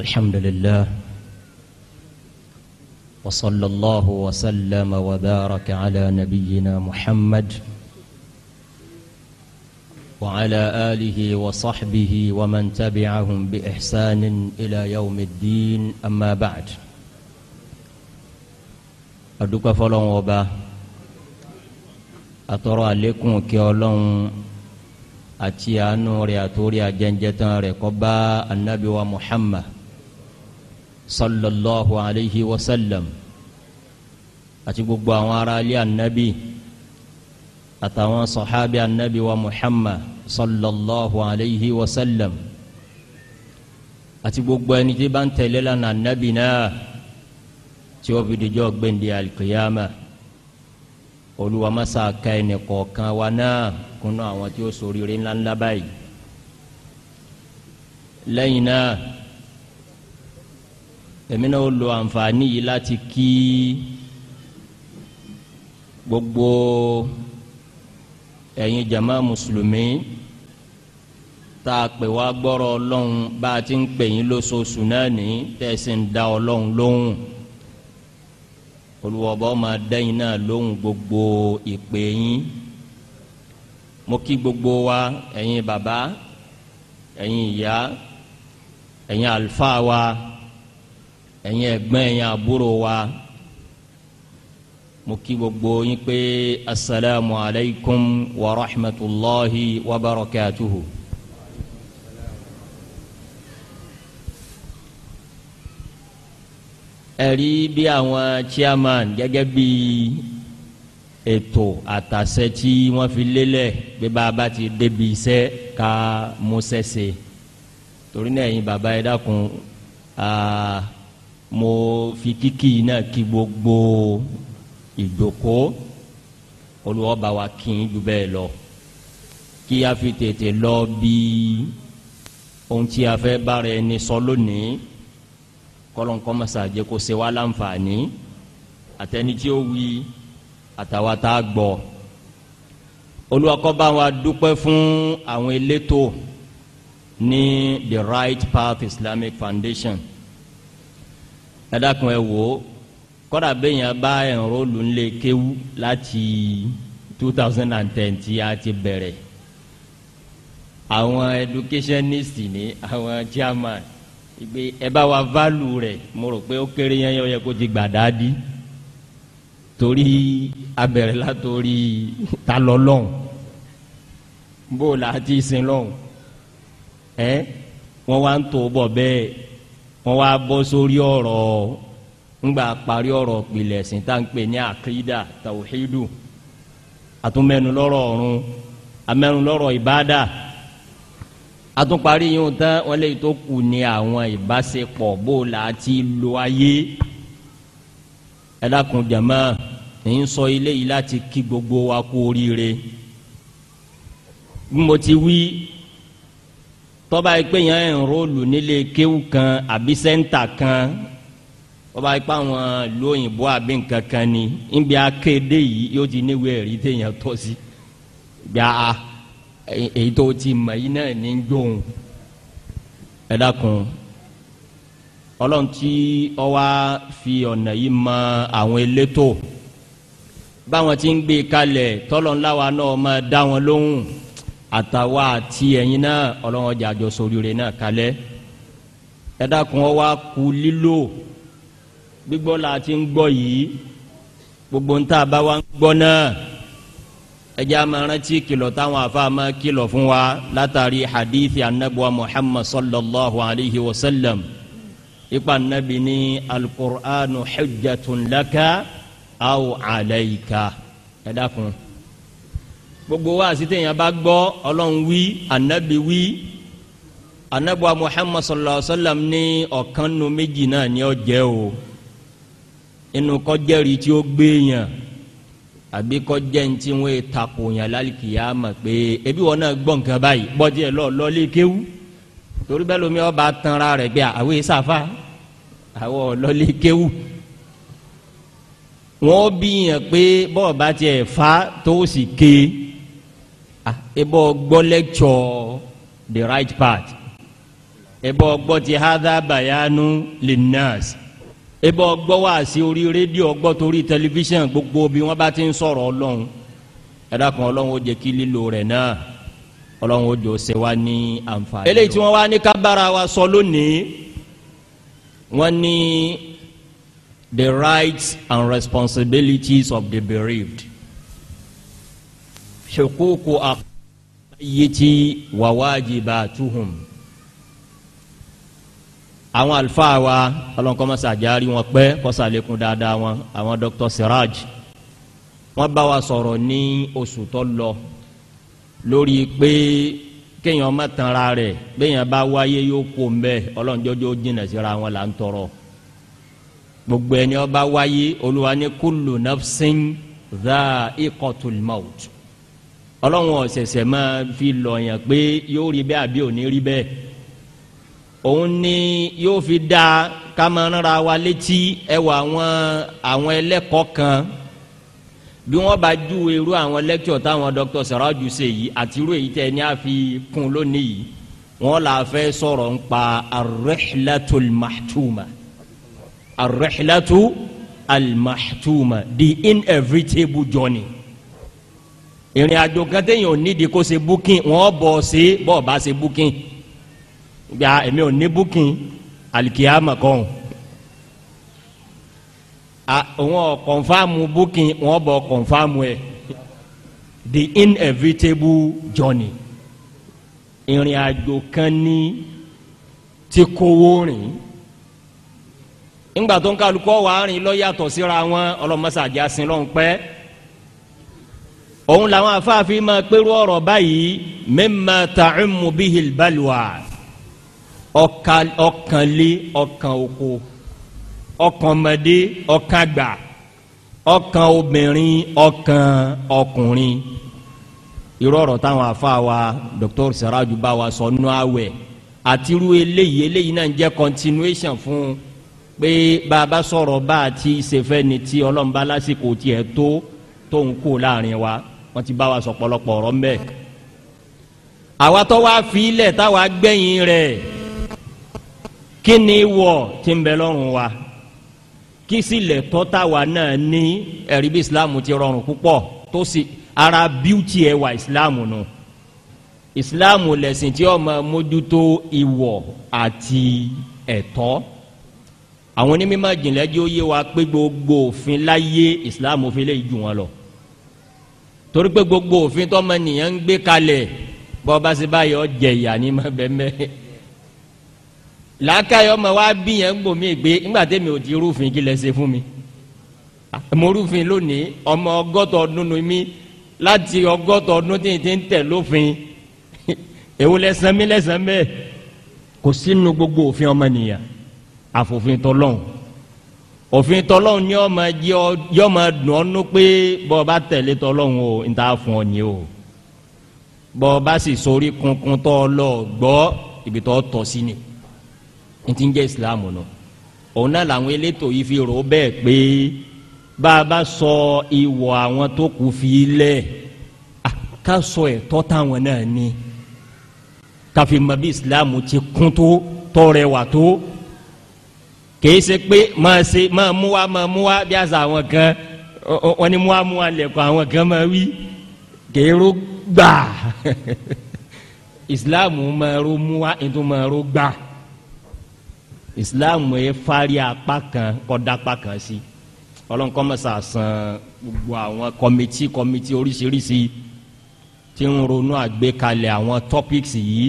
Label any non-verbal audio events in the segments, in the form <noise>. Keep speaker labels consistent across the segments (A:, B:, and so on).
A: الحمد لله وصلى الله وسلم وبارك على نبينا محمد وعلى آله وصحبه ومن تبعهم بإحسان إلى يوم الدين أما بعد أدوك فلان وبا أترى لكم كيولون أتيانو رياتوريا جنجتان ريكوبا النبي ومحمد sallallahu alayhi wa sallam àti gbogbo àwọn ará ilé anabi àtàwọn sọ̀hábì anabi wa muhammad sallallahu alayhi wa sallam àti gbogbo ẹni tí bá ń tẹ̀lé lánà anabi náà tí ó fi dijọ́ gbẹ̀ndé alikiyama olùwàmásá ka ẹnì kọ̀ọ̀kan wa náà kúnú àwọn tí ó ṣoríire ńláńlá báyìí lẹ́yìn náà èmi náà lo àǹfààní yìí láti kí gbogbo ẹ̀yin jama mùsùlùmí tá a pè wá gbọ́rọ̀ ọlọ́run bá a ti ń pè yín lóṣooṣù náà ní tẹ̀sí da ọlọ́run lóhùn olùwọ̀bọ̀ máa dẹ́yìn náà lóhùn gbogbo ìpè yín mo kí gbogbo wa ẹ̀yin bàbá ẹ̀yin ìyá ẹ̀yin àlùfáà wa ẹ̀yin ẹ̀gbọ́n ẹ̀yin àbúrò wa mo kí gbogbo yín pé asalaamu alaykum wa rahmatulahi wa barakatuhu. ẹ̀rí bí àwọn chairman gẹ́gẹ́ bí ètò àtàṣe tí wọ́n fi lélẹ̀ bí bàbá ti débi iṣẹ́ ká mú sẹ́sẹ̀ torí náà ẹ̀yin bàbá ẹ dákun. Uh, mo fi kíkì yìí náà kí gbogbo ìjòkó olùwọ́ba wa kì í ju bẹ́ẹ̀ lọ kí a fi tètè lọ bí ohun tí a fẹ́ bára ẹni sọ lónìí kọ́lọ́nkọ́ mọ̀sàjẹ́ kó ṣe wá láǹfààní àtẹni tí ó wí àtàwa tá a gbọ́ olùwàkọ́ba wa dúpẹ́ fún àwọn elétò ní the right path Islamic Foundation ẹ̀dàkùn ẹ̀ wò ó kọ́dà bẹ́yìn bá ẹ̀rọ́ọ̀lù ńlẹ̀ kéwú láti two thousand and ten tí a ti bẹ̀rẹ̀ àwọn educationist ni àwọn chairman ìgbé ẹ bá wa value rẹ̀ mo rò pé ó kéré yẹn yẹ kó ti gbà dáadí torí abẹ̀rẹ̀ látòrí ta bó la ti sin lọ́hùn ẹ wọ́n wá ń tó bọ̀ bẹ́ẹ̀ wọ́n wá bọ́ sórí ọ̀rọ̀ ńgbà parí ọ̀rọ̀ pilẹ̀ ẹ̀sìn tá ń pè ní àkídà tàwùhídù àtúnmẹ́nu lọ́rọ̀ ọ̀run amẹ́nu lọ́rọ̀ ìbádà àtúnparí yìí ń tán wọ́n lè tó kù ní àwọn ìbáṣepọ̀ bó la ti lo ayé ẹ dákun ní ń sọ ilé yìí láti kí gbogbo wa kú oríire bí mo ti wí tọ́ba yìí pé yẹn ń róòlù nílé kéwù kan àbí sẹ́ńtà kan tọ́ba yìí pé àwọn ìlú òyìnbó àbí nǹkan kan ni níbi akéde yìí yóò ti níwèé ẹ̀rí téèyàn tọ́ sí gbà á èyí tó ti mọ̀ yìí náà ní gbóhùn ẹ dákun ọlọ́run tí ọ wá fi ọ̀nà yìí mọ àwọn elétò báwọn ti ń gbé kalẹ̀ tọ́lọ́ńláwa náà máa dá wọn lóhùn àtàwa àti ẹ̀yin náà ọlọ́run ọjà àjọ sóríire náà kalẹ̀ ẹ dákun ọ wá ku lílò gbígbọ́ la ti ń gbọ́ yìí gbogbo ń tá a bá wa ń gbọ́ náà ẹjẹ́ a máa rántí kìlọ̀ táwọn afa kìlọ̀ fún wa látàrí hadithi anabuwa muhammad sallallahu alayhi wa sallam ipa anabi ní alukur'anu hujjatun laka aw alayka ẹ E gbogbo wa àti téèyàn bá gbọ́ ọlọ́run wí anabi wí anabuwa muhammad sallallahu alaihi wa sallam ní ọ̀kan nu méjì náà ni ó jẹ́ o inú kó jẹ́rìí tí ó gbé yàn àbí kó jẹ́ ní tí wọ́n tako yàn ebi wọn náà gbọ́ nǹkan báyìí bọ́dí ẹ̀ lọ lọ́lé kéwú torí bẹ́ẹ̀ lomi ọba tanra rẹ̀ pé àwọn èsì àfa àwọn lọ́lé kéwú wọ́n bí yàn pé bọ́ọ̀ bá fa tó sì ké ebo gbọ́ lecture the right part ebo gbọ́ ti hadha bayanu linnas ebo gbọ́ wáàsí orí rédíò gbọ́ torí tẹlifíṣàn gbogbo bí wọ́n bá ti ń sọ̀rọ̀ ọlọ́run ẹ̀dá kan ọlọ́run ó jẹ́ kí lílo rẹ̀ náà ọlọ́run ó jọ ṣe wá ní àǹfààní. eléyìí tí wọ́n wá ní ká wa sọ lónìí wọ́n ní the rights and responsibilities of the bereaved. ṣèkókò àkọ́ yìí wa wajibatuhum àwọn àlùfáà wa ọlọ́nkọ́mọ́sá àjárí wọn pẹ́ kọ́sàlékún dáadáa wọn àwọn Dr. Siraj wọ́n bá wa sọ̀rọ̀ ní oṣù tó lọ lórí pé kéèyàn má tanra rẹ̀ béèyàn bá wáyé yóò kó mbẹ́ ọlọ́njọ́jọ́ jìnnà síra wọn là ń tọrọ gbogbo ẹni ó bá wáyé olúwa ní kullu nafsin dha'iqatul maut ọlọ́run ọ̀sẹ̀sẹ̀ máa fi lọ̀yàn pé yóò rí bẹ́ẹ̀ àbí òní rí bẹ́ẹ̀ òun ni yóò fi dá kámẹ́rà wa létí ẹwà àwọn àwọn ẹlẹ́kọ̀ọ́ kan bí wọ́n bá ju irú àwọn lẹ́kítọ̀ táwọn Dr. Siraju ṣe yìí àti irú èyí tẹ̀ ní àfikún lónìí yìí wọ́n là fẹ́ sọ̀rọ̀ ń pa ar-rihlatu al-mahtuma the inevitable journey ìrìn àjò kan téèyàn ò nídìí kó ṣe booking wọn bọ̀ ṣe bọ́ọ̀ bá ṣe booking gba èmi ò ní booking alikiyama kan wọn kọnfàmù booking wọn bọ̀ kọnfàmù ẹ the inevitable journey ìrìn àjò kan ní ti kówó rìn ńgbà tó ń kálukọ́ wàá rìn lọ́yàtọ̀ síra wọn ọlọ́mọṣàjà sin lọ́hùn òun làwọn afáàfin máa pẹ̀lú ọ̀rọ̀ báyìí mimma ta'ummu bihil balwa ọkànlé ọkàn oko ọkàn ọmọdé ọkàn àgbà ọkàn obìnrin ọkàn ọkùnrin irú ọ̀rọ̀ táwọn afáà wa Dr. Siraju bá wa sọ nù awẹ̀ àtirú eléyìí eléyìí náà jẹ́ continuation fún un pé bàbá sọ̀rọ̀ bá a ti ṣe fẹ́ ni tí ọlọ́mùbá lásìkò tiẹ̀ tó tóun kó láàrin wa wọ́n ti bá wa sọ pọ̀lọpọ̀ ọ̀rọ̀ ńbẹ àwa tó wá fi ilẹ̀ táwa gbẹ̀yìn rẹ̀ kí ni wọ̀ tí ń bẹ lọ́rùn wa kí sì lẹ̀ táwa náà ní ẹ̀rí bí islam ti rọrùn púpọ̀ tó sì ara bíútì ẹwà islam nù no. islam lẹ̀sìn tí ọmọ mójútó ìwọ̀ àti ẹ̀tọ́ àwọn onímọ̀ jìnlẹ̀ jẹ́ ó yé wa pé gbogbo òfin láyé islam fi lè jù wọn lọ torí pé gbogbo òfin tọ́mọ nìyẹn ń gbé kalẹ̀ bọ́ba sí báyìí ọ jẹ̀yà ní ma bẹ́ẹ̀ mẹ́ làákàyọ̀ ọmọ wa bí yẹn ń gbò mí gbé ńgbà tẹ́mi ò ti rúfin kí lẹ ṣe fún mi mo rúfin lónìí ọmọ ọgọ́tọ̀ ọdún ni mí láti ọgọ́tọ̀ ọdún tí n ti ń tẹ̀ lófin èwo lẹ́sàn-án mi lẹ́sàn-án bẹ́ẹ̀ kò sínú gbogbo òfin ọmọ nìyẹn àfòfin tọ́lọ́hùn òfin tọlọ́hún ni ọmọ jẹ́ ọ yọmọ dùn ọ́ nú pé bọ́ọ̀ bá tẹ̀lé tọlọ́hún o ń ta fún ọ ní o bọ́ọ̀ bá sì sórí kunkun tọ́ ọ lọ gbọ́ ibi tọ́ tọ́ sí ni n ti ń jẹ́ ìsìlámù nù òun náà làwọn elétò yìí fi rò bẹ́ẹ̀ pé bá a bá sọ ìwọ̀ àwọn tó kù fi lẹ̀ ká sọ ẹ̀tọ́ táwọn náà ni káfíńmọ́ bí ìsìlámù ti kún tó tọrẹwà tó kìí ṣe pé máa ṣe máa mú wa máa mú wa bí àṣà àwọn kan wọn ni mú wa mú wa lẹ̀kọ́ àwọn kan máa wí kìí ro gbà ìsìláàmù <laughs> máa ro mú wa ètò máa ro gbà ìsìláàmù yẹ fárí apá kan kọ́dá apá kan sí ọlọ́nkọ́ mọ̀sá san gbogbo àwọn kọ́mítì kọ́mítì oríṣiríṣi tí ń ronú àgbékalẹ̀ àwọn tọ́píkì yìí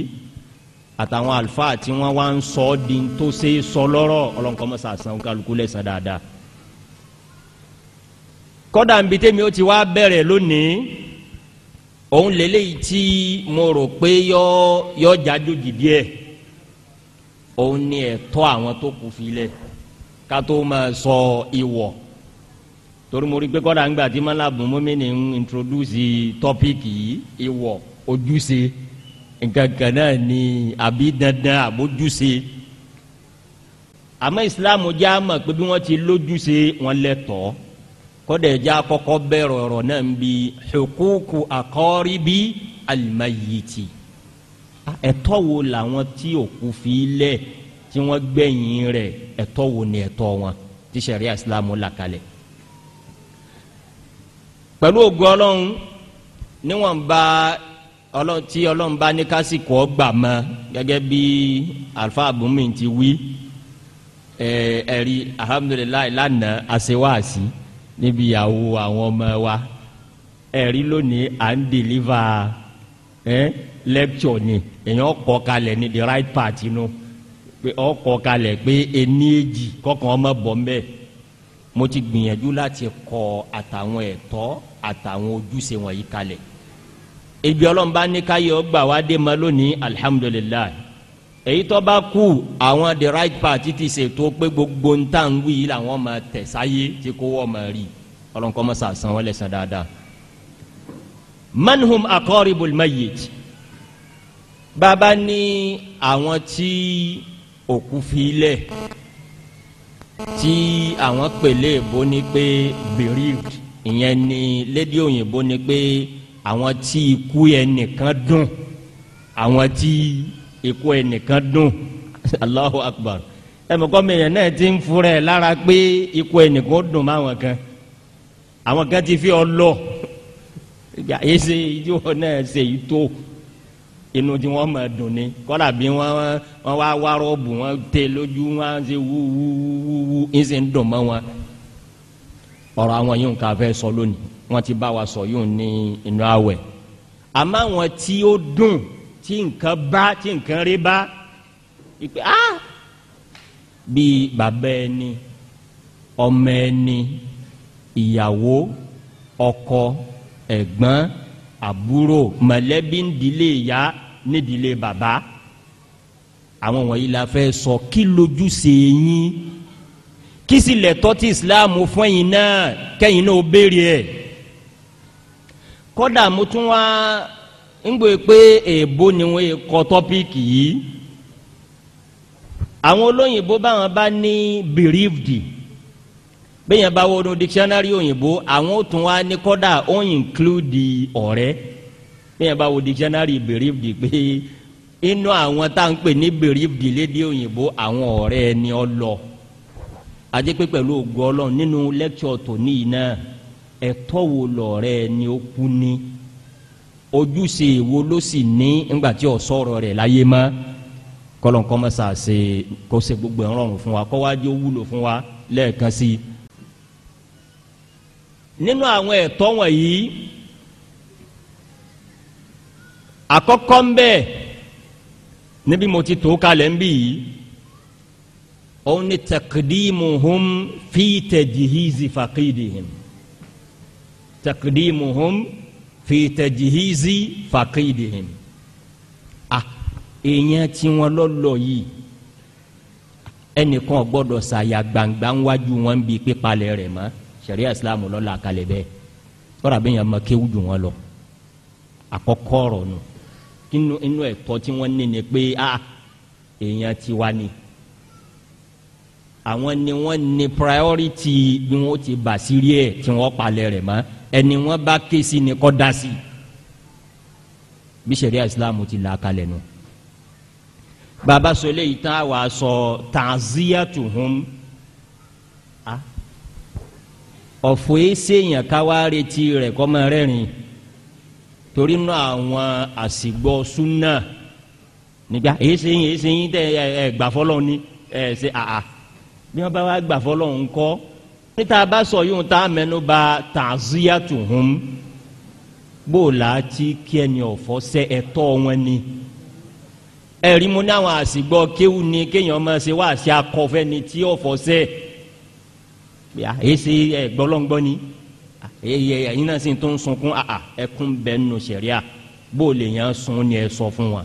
A: àtàwọn àlùfáà tí wọ́n wá ń sọ ọ́ di tó ṣe é sọ lọ́rọ̀ ọlọ́nkọ́ mọ́ sàṣàn kálukú lẹ́sàn dáadáa. kọ́dà ń bi tèmi ó ti wá bẹ̀rẹ̀ lónìí òun lélẹ́yìí tí mo rò pé yọ yọ jájú dìdí ẹ̀ òun ni ẹ̀tọ́ àwọn tó kù filẹ̀ ká tó máa sọ ìwọ̀ torí mo rí pé kọ́dà ń gbà tí mọ́lá bùnmọ́mí ni ń introduce tọ́píìkì yìí ìwọ̀ ojúṣe. E nǹkan náà ni àbí dandan àbójúṣe àmọ́ ìsìláàmù jẹ́ àmọ̀ pé bí wọ́n ti lójúṣe wọn lẹ́tọ̀ọ́ kọ́dẹ̀ jẹ́ àkọ́kọ́ bẹ̀rẹ̀ ọ̀rọ̀ náà ń bi hukuku akọ́ríbi alimayiti ẹ̀tọ́ wo làwọn tí òkú fi lẹ̀ tí wọ́n gbẹ̀yìn rẹ̀ ẹ̀tọ́ wo ni ẹ̀tọ́ wọn tí sẹ̀ríà ìsìláàmù là kalẹ̀ pẹ̀lú ògùn ọlọ́run níwọ̀n bá ọlọ́tí ọlọ́run bá ní kásìkò ọgbà mọ́ gẹ́gẹ́ bí alfa abumi ti wí ẹ̀rí alhamdulilayi lánàá àṣewáàsí níbi ìyàwó àwọn ọmọ wa ẹ̀rí lónìí à ń deliver eh, lecture ni èèyàn kọ́ kalẹ̀ ní the right part inú pé ọkọ̀ kalẹ̀ pé ení èjì kọ́kàn ọmọ bọ̀ mbẹ́ mo ti gbìyànjú láti kọ́ àtàwọn ẹ̀tọ́ àtàwọn ojúṣe wọ̀nyí kalẹ̀ ibi ọlọ́mba ní káyọ̀ gbà wá dé ma lónìí alihamudulilayi èyí tó bá kú àwọn the right party ti ṣètò pé gbogbo ń tà ń wí yìí làwọn máa tẹ̀sáyé tí kò wọ́n máa rí ọlọ́nkọ́ mọ́ sàsán wọlé sàn dáadáa. manhum aqaribul mayyit bàbá ní àwọn tí òkú fi lẹ̀ tí àwọn pèlè èbó ni pé bereaved ìyẹn ni lédi òyìnbó ni pé. Pe, àwọn tí ikú ẹnìkan dùn àwọn tí ikú ẹnìkan dùn <laughs> Allahu Akbar ẹnìkan mìíràn náà ti ń fura ẹ lára pé ikú ẹnìkan dùn máwọn kan àwọn kan ti fi ọ lọ ìgbà yìí ṣe ìdí wọn náà ṣe yìí tó inú tí wọn máa dùn ni kọ́lá bí wọn wọn wá wá rọ́ọ̀bù wọn tẹ lójú wọn ṣe wú wú wú wú ń ṣe ń dùn mọ́ wọn ọ̀rọ̀ àwọn yìí ń kà fẹ́ sọ lónìí wọ́n ti bá wa sọ yóò ní inú àwẹ̀ àmọ́ àwọn tí ó dùn tí nǹkan bá tí nǹkan rí bá ìpè á bíi bàbá ẹni ọmọ ẹni ìyàwó ọkọ ẹ̀gbọ́n àbúrò mọ̀lẹ́bí ńdílé ìyá nídìílé bàbá àwọn wọ̀nyí la fẹ́ sọ kí lójúṣe yín kí sì lẹ̀tọ́ tí islam fún ẹ̀yin náà kẹ́yin náà ó béèrè ẹ̀. kódà mo tún wá ń gbé pé èèbó ni wọ́n yẹ kọ tọ́píìkì yìí àwọn olóyìnbó báwọn bá ní bereaved bẹ́ẹ̀ yẹn bá wọnú dictionary òyìnbó àwọn ò tún wá ní kódà ó ń include ọ̀rẹ́ bẹ́ẹ̀ yẹn bá wọ dictionary bereaved pé inú àwọn tá à ń pè ní bereaved lédè òyìnbó àwọn ni ọ lọ pé pẹ̀lú Ọlọ́run nínú lecture ẹ̀tọ́ wo lọ̀rẹ́ ni o kú ní ojúṣe wo ló sì ní ńgbà tí ó rẹ rẹ̀ láyé mọ́ kọlọ̀nkọ́ ṣe kó ṣe gbogbo ẹ̀rọ̀rùn fún wa kó wá jẹ́ wúlò fún wa lẹ́ẹ̀kan sí i. nínú àwọn ẹtọ wọ̀nyí àkọ́kọ́ ń bẹ níbi mo ti tó kalẹ̀ ń bì yìí òun ni fi takdimuhum fi tajhizi faqidihim ah èèyàn tí wọn lọ lọ yìí ẹnìkan gbọ́dọ̀ ṣàyà gbangba ńwájú wọn bíi pípalẹ̀ rẹ̀ mọ́ sariya islam lọla kalẹ̀ bẹ́ẹ̀ kọrọ abẹ yẹn ma kéwù jù wọn lọ àkọ́kọ́ ọ̀rọ̀ nù inú inú ẹ̀tọ́ tí wọn ní ni pé a ah, èèyàn ti wá ni àwọn ni wọn ní priority bí wọn ti bà sírí ẹ tí wọn palẹ̀ rẹ̀ mọ́ ẹni wọn bá ké sí ni kọ́ da sí bí ṣẹ̀ríà Islam ti là kalẹ̀ nù. bàbá sọ eléyìí tá a wàá sọ ta'ziyatuhum ọ̀fọ̀ èsèèyàn káwá retí rẹ̀ kọ́ máa rẹ́rìn torí nù àwọn àsìgbọ́ súnà nígbà èsèèyàn èsèèyàn tẹ ẹ gbà fọlọ́ ni ẹ ṣe àà bí wọ́n bá wá gbà fọlọ́ ńkọ́ níta bá sọ yóò tá a mẹ́nu bà ta'ziyatuhum bó la ti kí ẹni ọ̀fọ́ sẹ ẹ̀tọ́ wọn ni ẹ̀rí mu ní àwọn àsìgbọ́ kéwù ni kéèyàn máa ṣe wá àṣẹ akọfẹ́ ni tí ọ̀fọ́ sẹ èsì ẹ̀gbọ́lọ́ngbọ́ ni ẹ̀yin náà sì tó ń sunkún àà ẹkún bẹ́ẹ̀ nù sẹ̀ríà bó lè yàn sun ni ẹ sọ fún wa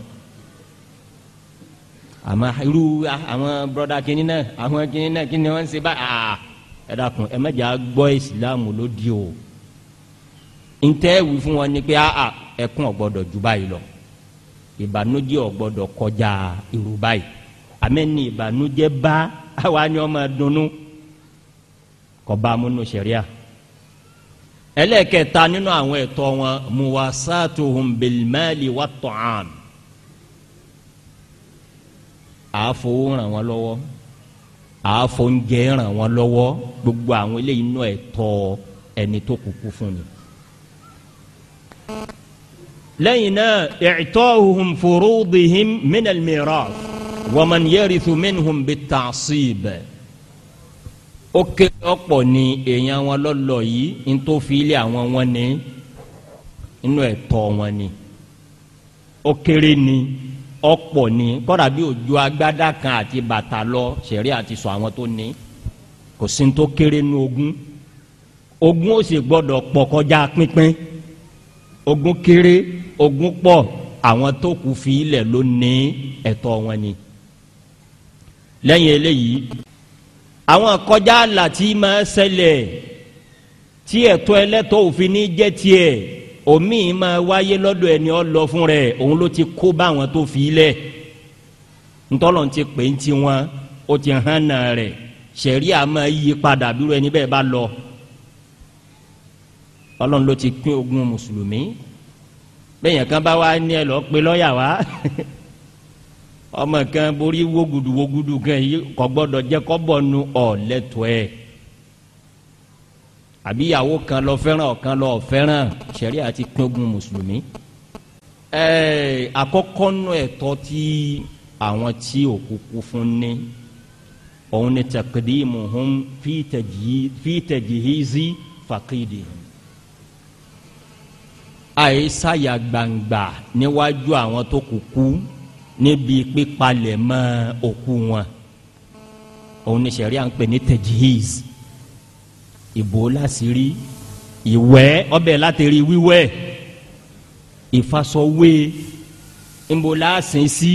A: àmọ́ irú àwọn bọ́dà kìnínà àwọn kìnínà kìnínà wọ́n ń ṣe báyìí àà ẹ dákun ẹ mẹjẹ agbọ́ ìsìlámù ló di o ntẹ wí fún wọn ni pé a ẹkún ọgbọ́dọ̀ ju báyìí lọ ìbànújẹ́ ọgbọ́dọ̀ kọjá irú báyìí àmẹni ìbànújẹ́ bá àwa ni ọmọ dunnú kọba amúnú ṣẹríà ẹlẹ́kẹta nínú àwọn ẹ̀tọ́ wọn muwasatuhum bilmali wa ta'am àáfowó ràn wọ́n lọ́wọ́ àáfóúnjẹ ràn wọ́n lọ́wọ́ gbogbo àwọn eléyìí náà ẹ̀ tọ́ ẹni tó kúkú fún ni. lẹ́yìn náà i'ta'uhum furudihim minal mirath wa man yarithu minhum bit-ta'sib ó ké ọ̀pọ̀ ni èèyàn wọn lọ́lọ́ yìí ń tó fi ilé àwọn wọn ní inú ẹ̀tọ́ wọn ni ó kéré ni ọ̀pọ̀ ni kọ́dà bí òjò agbádá kan àti bàtà lọ ṣẹ̀rí àti sọ àwọn tó ní kò sí ní tó kéré nu ogún ogún ó sì gbọ́dọ̀ pọ̀ kọjá pínpín ogún kéré ogún pọ̀ àwọn tó kù fi ilẹ̀ ló ní ẹ̀tọ́ wọn ni lẹ́yìn eléyìí àwọn kọjá àlà tí máa ṣẹlẹ̀ tí ẹ̀tọ́ ẹlẹ́tọ́ òfin ní jẹ́ tiẹ̀ omi máa wáyé lọ́dọ̀ ẹni ọ fún rẹ̀ òun ló ti kó bá tó fi ilẹ̀ ntọ́lọ́n ti pè ń tiwọn ó ti hàn rẹ̀ sẹ̀rí àmọ́ yí padà dúró ẹni bẹ́ẹ̀ bá lọ ọlọ́run ló ti pín ogún mùsùlùmí bẹ́ẹ̀ yẹn kan bá wá ní ẹ lọ́ọ́ pe lọ́ọ̀yà wá <laughs> ọmọ kan borí wogudu wogudu kan yìí kò gbọ́dọ̀ jẹ́ kó bọ̀ nu ọ̀lẹ́tọ̀ ẹ̀ àbí ìyàwó kan lọ fẹ́ràn ọ̀kan lọ fẹ́ràn sẹ̀rí àti pín ogún mùsùlùmí ẹ̀ẹ́ àkọ́kọ́ nù ẹ̀tọ́ tí àwọn tí òkú kú fún ní òun ni taqdimuhum fi tajhizi faqidihim. àìsàyà gbangba níwájú àwọn tó kù kú níbi pípalẹ̀ mọ́ òkú wọn òun ni sẹ̀rí à ń pè ní tajhiz ìbò láṣìírí ìwẹ́ ọbẹ̀ látẹ̀rí wíwẹ́ ìfasọ̀wé ńbọ̀ láṣìí sí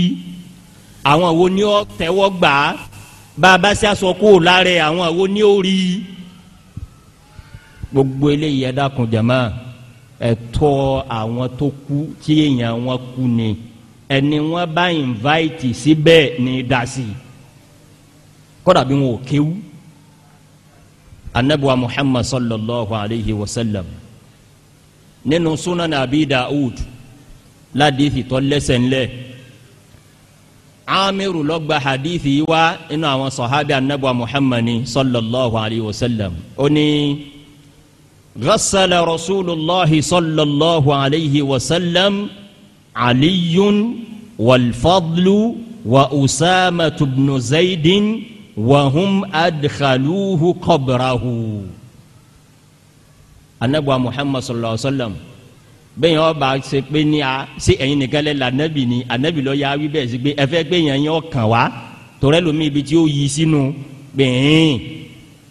A: àwọn wo ni ó tẹ́wọ́ gbà á bàbá sí aṣọ kó o lára àwọn àwo ní orí gbogbo eléyìí ẹ dákun jàmá ẹ̀tọ́ àwọn tó kú tí èèyàn wọn kú ni ẹni wọn bá invite síbẹ̀ ní dasi kódà bí wọn ò kéwú anabiwa muhammad sallallahu alayhi wa sallam nínú sunan abi daud ládìí fìtọ́ lẹ́sẹ̀ ńlẹ́ amiru lọgba hadithi wa inu àwọn sahabi anabu muhammadu sallallahu alayhi wa sallam ó ní ghasala rasulillahi sallallahu alayhi wa sallam aliyun walfadlu wa usama tubnu zaydin wa hum adkhaluhu qabrahu anabu muhammadu sallallahu alayhi wa sallam bẹ́ẹ̀ yẹn ọba ṣe pé ní a ṣe ẹ̀yin nìkan lẹ́ la anabi ni anabi lọ ya wí bẹ́ẹ̀ ṣe pé ẹ fẹ́ pé yẹn yẹn ọkàn wa tọrẹ lomi ibi tí ó yí sínú gbẹ̀ẹ́n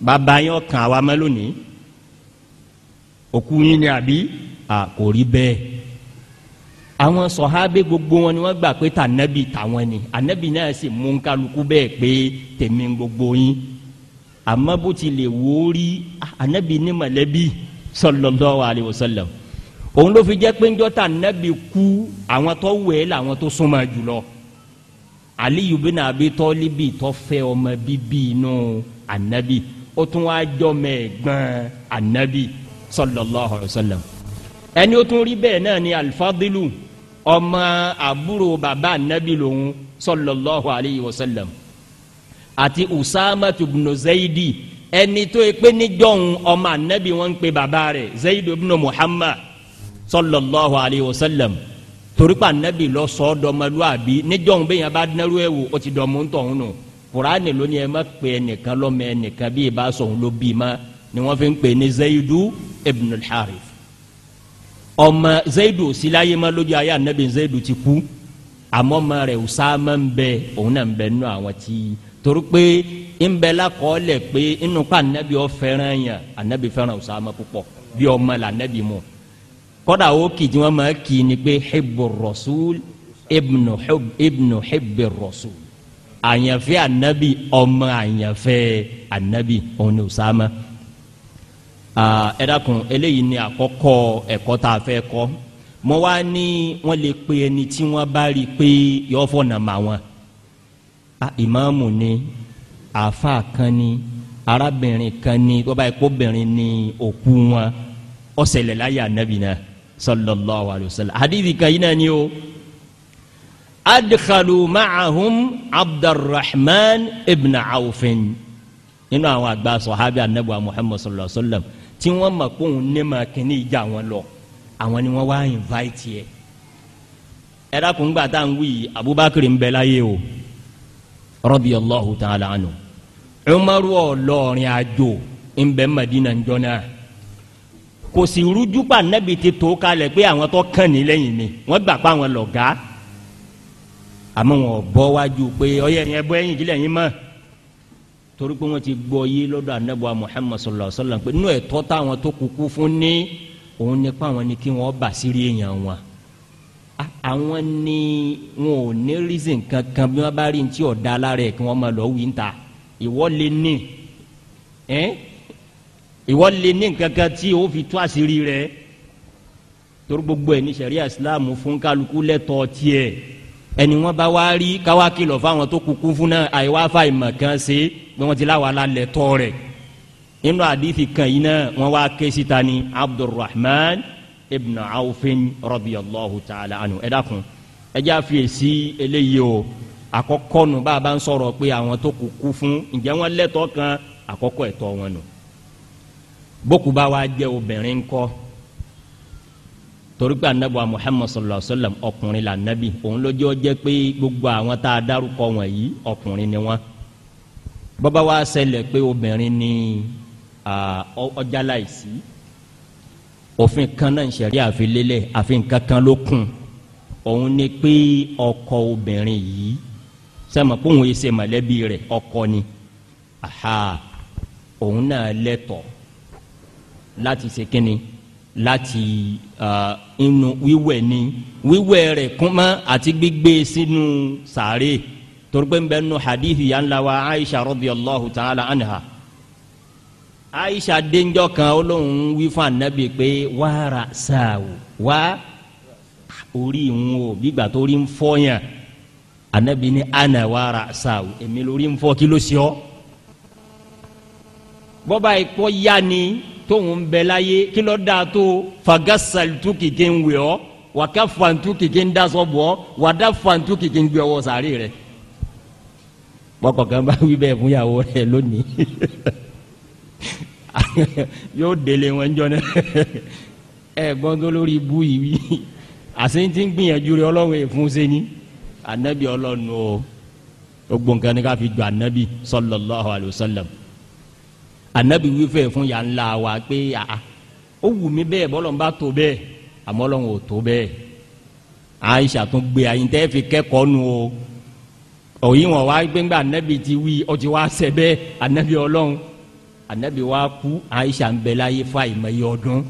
A: bàbá yẹn ọkàn wa mọ́ lónìí òkú yín ni àbí a kò rí bẹ́ẹ̀ àwọn sọ̀hábé gbogbo wọn ni wọ́n gbà pé tànẹ́bì tàwọn ni ànẹ́bì náà sì mú kálukú bẹ́ẹ̀ pé tèmi gbogbo yín àmọ́ bó ti lè wó rí ànẹ́bì mọ̀lẹ́bí sallallahu alaihi wasallam òun ló fi jẹ́ pé ńjọ́ta nẹ́bi kú àwọn tó wẹ̀ làwọn tó súnmọ́ jùlọ aliyu bin abi tọ́líbi tó fẹ́ ọmọ bíbí inú anabi ó tún wá jọ mẹ́gbọ́n anabi sallallahu alayhi wa sallam ẹni ó tún rí náà ni alifadilu ọmọ àbúrò bàbá anabi lòun sallallahu alayhi wa àti usama tubnu zayidi ẹni tó yẹ pé níjọ́ òun ọmọ anabi wọn ń pe bàbá zayidu bin muhammad sallallahu alayhi wa sallam torípa anabi lọ sọ dọmọlúwàbí níjọ́hún bẹ́ẹ̀ yẹn bá dínáró ẹ̀ wò ó ti dọ̀mú ń tọ̀hún nù kuraani ló ní má pè nìkan lọ́mọ nìkan bí ìbá sọ̀hún ló bí ma ni wọ́n fi ń pè ní zayidu ibn al-harith ọmọ zayidu síláyé má lójú ayé anabi zayidu ti kú àmọ́ ọmọ rẹ̀ usama ń bẹ òun náà ń bẹ nínú àwọn tí torí pé ń bẹ lakọ́ọ́lẹ̀ pé inú pa anabi ọ fẹ́ràn yẹn anabi fẹ́ràn usama púpọ̀ bí ọmọ là anabi mu kọ́dà ó kì tí wọ́n máa kì í ni pé hibbu rasul ibnu hib ibnu hibbi rasul àyànfẹ́ anabi ọmọ àyànfẹ́ anabi òun ni Usama ẹ dákun eléyìí ni àkọ́kọ́ ẹ̀kọ́ tá a fẹ́ kọ́ mo wá ní wọ́n lè pe ẹni tí wọ́n bá rí i pé yọ fọ̀nà mà wọn ìmáàmù ni àáfàá kan ni arábìnrin kan ni tó bá yẹ kó obìnrin ni òkú wọn ó láyé anabi náà sallallahu alayhi wa sallam hadithi kan yìí náà ni o oh. adkhalu ma'ahum abdulrahman ibn awfin nínú àwọn àgbà sọ̀hábì anabuwa muhammad sallallahu alayhi wa sallam tí wọ́n mọ̀ pé òun ní ma kíní ìjà wọn lọ àwọn ni wọ́n wá invite yẹ ẹ dákun gbà tá à ń wí abubakar ń bẹ láyé o radiyallahu ta'ala anhu umaru ọlọrin àjò ń bẹ madina jọ náà kò sì rújú pa nẹ́bi ti tó kalẹ̀ pé àwọn tó kàn ní lẹ́yìn ni wọ́n gbà pa àwọn lọ̀gá àmọ́ wọn bọ́ wájú pé ọyẹ yẹn bọ́ ẹ̀yìn ìdílé yín mọ́ torí pé wọ́n ti gbọ́ yé lọ́dọ̀ anábọ̀ Muhammad sallallahu alaihi wasallam pé nínú ẹ̀tọ́ táwọn tó kúkú fún ní òun ni pé àwọn ni kí wọ́n bà sí rí èèyàn wọn àwọn ni wọn ò ní reason kankan bí wọ́n bá rí ní tí ọ̀dà alára kí wọ́n máa lọ wí ń ta ìwọ́ lè ní ẹ́ ìwọ lè ní nǹkan kan tí o fi tú àṣírí rẹ̀ torí gbogbo ẹ̀ ní sẹ̀ríà islam fún kálukú lẹ́tọ̀ọ́ tiẹ̀ ẹni wọn bá wá rí káwá kìlọ̀ fáwọn tó kúkú fún náà àìwá fa ìmọ̀ kan ṣe pé wọ́n ti láwa la lẹ́tọ̀ọ́ rẹ̀ nínú àdìsí kan yìí náà wọ́n wá ké síta ní abdulrahman ibn awfin radiyallahu ta'ala anu ẹ dákun ẹ jẹ́ àfiyèsí eléyìí o àkọ́kọ́ nu bá a bá ń sọ̀rọ̀ pé àwọn tó kúkú fún ǹjẹ́ wọ́n lẹ́tọ̀ọ́ kan àkọ́kọ́ ẹ̀tọ́ wọn nù. No bókun bá wa jẹ́ obìnrin ńkọ́ torí pé anabuwa muhammad sallallahu alaihi wa sallam ọkùnrin la nabi òun ló jẹ́ ọjẹ́ pé gbogbo àwọn tá a dárúkọ wọn yìí ọkùnrin ni wọn bọ́bá wa ṣẹlẹ̀ pé obìnrin ni ọjà láìsí òfin kan náà ń ṣẹ̀rí àfi lélẹ̀ àfi nǹkan kan ló kùn òun ni pé ọkọ obìnrin yìí sẹ́mi pé òun yìí ṣe mọ̀lẹ́bí rẹ̀ ọkọ ni aha òun náà lẹ́tọ̀ọ́ láti ṣe kínni láti inú wíwẹ̀ ni wíwẹ̀ rẹ̀ kúnmọ́ àti gbígbé sínú sàárè torípé ń bẹ nu hadithi yà ń la wa aisha radiyallahu ta'ala anha aisha denjọ kan olóhùn wí fún anabi pé wàrà sáwù wá orí ń wò gbígbà tó rí ń fọyàn anabi ní ana wàrà sáwù èmi lórí ń fọ kí ló ṣe ọ bọ́ba ìkọ́ yá ni tóun bẹ láyé kí ló dáa tó faga salitu kìkì ń wẹ̀ ọ́ wàká fantu kìkì ń dasọ bọ̀ wàdá fantu kìkì ń gbẹ ọwọ́ sàárè rẹ̀ bọ́kọ̀ kan bá wí bẹ́ẹ̀ fún yàwó rẹ̀ lónìí <laughs> yóò délé wọn jọ náà ẹ gbọ́n lórí ibú yìí àsèntì gbìyànjú rẹ ọlọ́run èèfún sẹ́ni anabi ọlọ́run o gbogbo nǹkan ní jọ anabi sallallahu alayhi wa sallam anabi wífẹ̀ fún yà la wa pé àá ó wù mí bẹ́ẹ̀ bọ́lọ̀ bá tó bẹ́ẹ̀ àmọ́ ò tó bẹ́ẹ̀ Aisha tún gbé ayin tẹ́ fi kẹ́kọ̀ọ́ nu o òyìn wọn wá gbẹ́ngbà anabi ti wí ọ ti wá ṣẹ anabi ọlọ́run anabi wa kú Aisha ń bẹ láyé fún àìmọye ọdún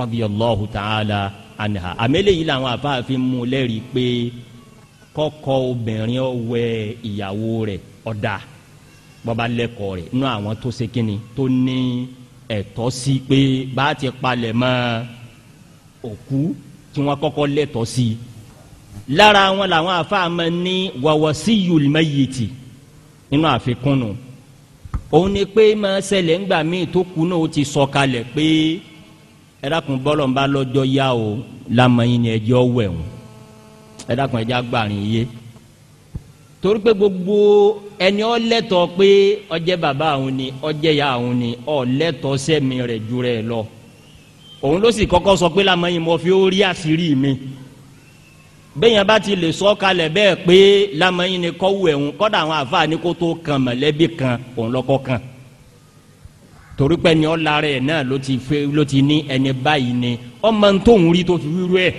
A: radiyallahu ta'ala anha àmẹ́lẹ́yìí làwọn àfáàfin mú lẹ́rìí pé kọ́kọ́ obìnrin ọ̀wẹ́ ìyàwó rẹ̀ ọ̀dà bọ́ba lẹ́kọ̀ọ́ rẹ̀ nú àwọn tó ṣe kínni tó ní ẹ̀tọ́ sí pé bá a ti palẹ̀ mọ́ òkú tí wọ́n kọ́kọ́ lẹ́tọ́ sí i lára wọn làwọn afáàmọ ní wàwọ́sí yulmayiti nínú àfikúnnu òun ni pé máa ṣẹlẹ̀ ńgbà míì tó kú náà ó ti sọ kalẹ̀ pé ẹ̀dàkùn bọ́lọ̀ ń bá lọ́jọ́ yá o lámọ̀ yín ni ẹjọ́ wẹ̀ wọ́n ẹ̀dàkùn ẹjọ́ agbárin yé torí pé gbogbo ẹni ọ lẹ́tọ̀ọ́ pé ọjẹ́ bàbá àwọn ni ọjẹ́ ya àwọn ni ọ lẹ́tọ̀ọ́ sẹ́mi rẹ̀ ju rẹ̀ lọ òun ló sì kọ́kọ́ sọ pé lamọ́yìn mo fi ó rí àṣírí mi bẹ́yẹn bá ti lè sọ kalẹ̀ bẹ́ẹ̀ pé lamọ́yìn ni kọ́wù ẹ̀hún kọ́dà àwọn àfa ni kó tó kan mọ̀lẹ́bí kan òun lọ́kọ́ kan torí pé ẹni ọ lára ẹ̀ náà ló ti fẹ́ ló ti ní ẹni báyìí ni ọmọ ntòun rí tó fi wíwú ẹ̀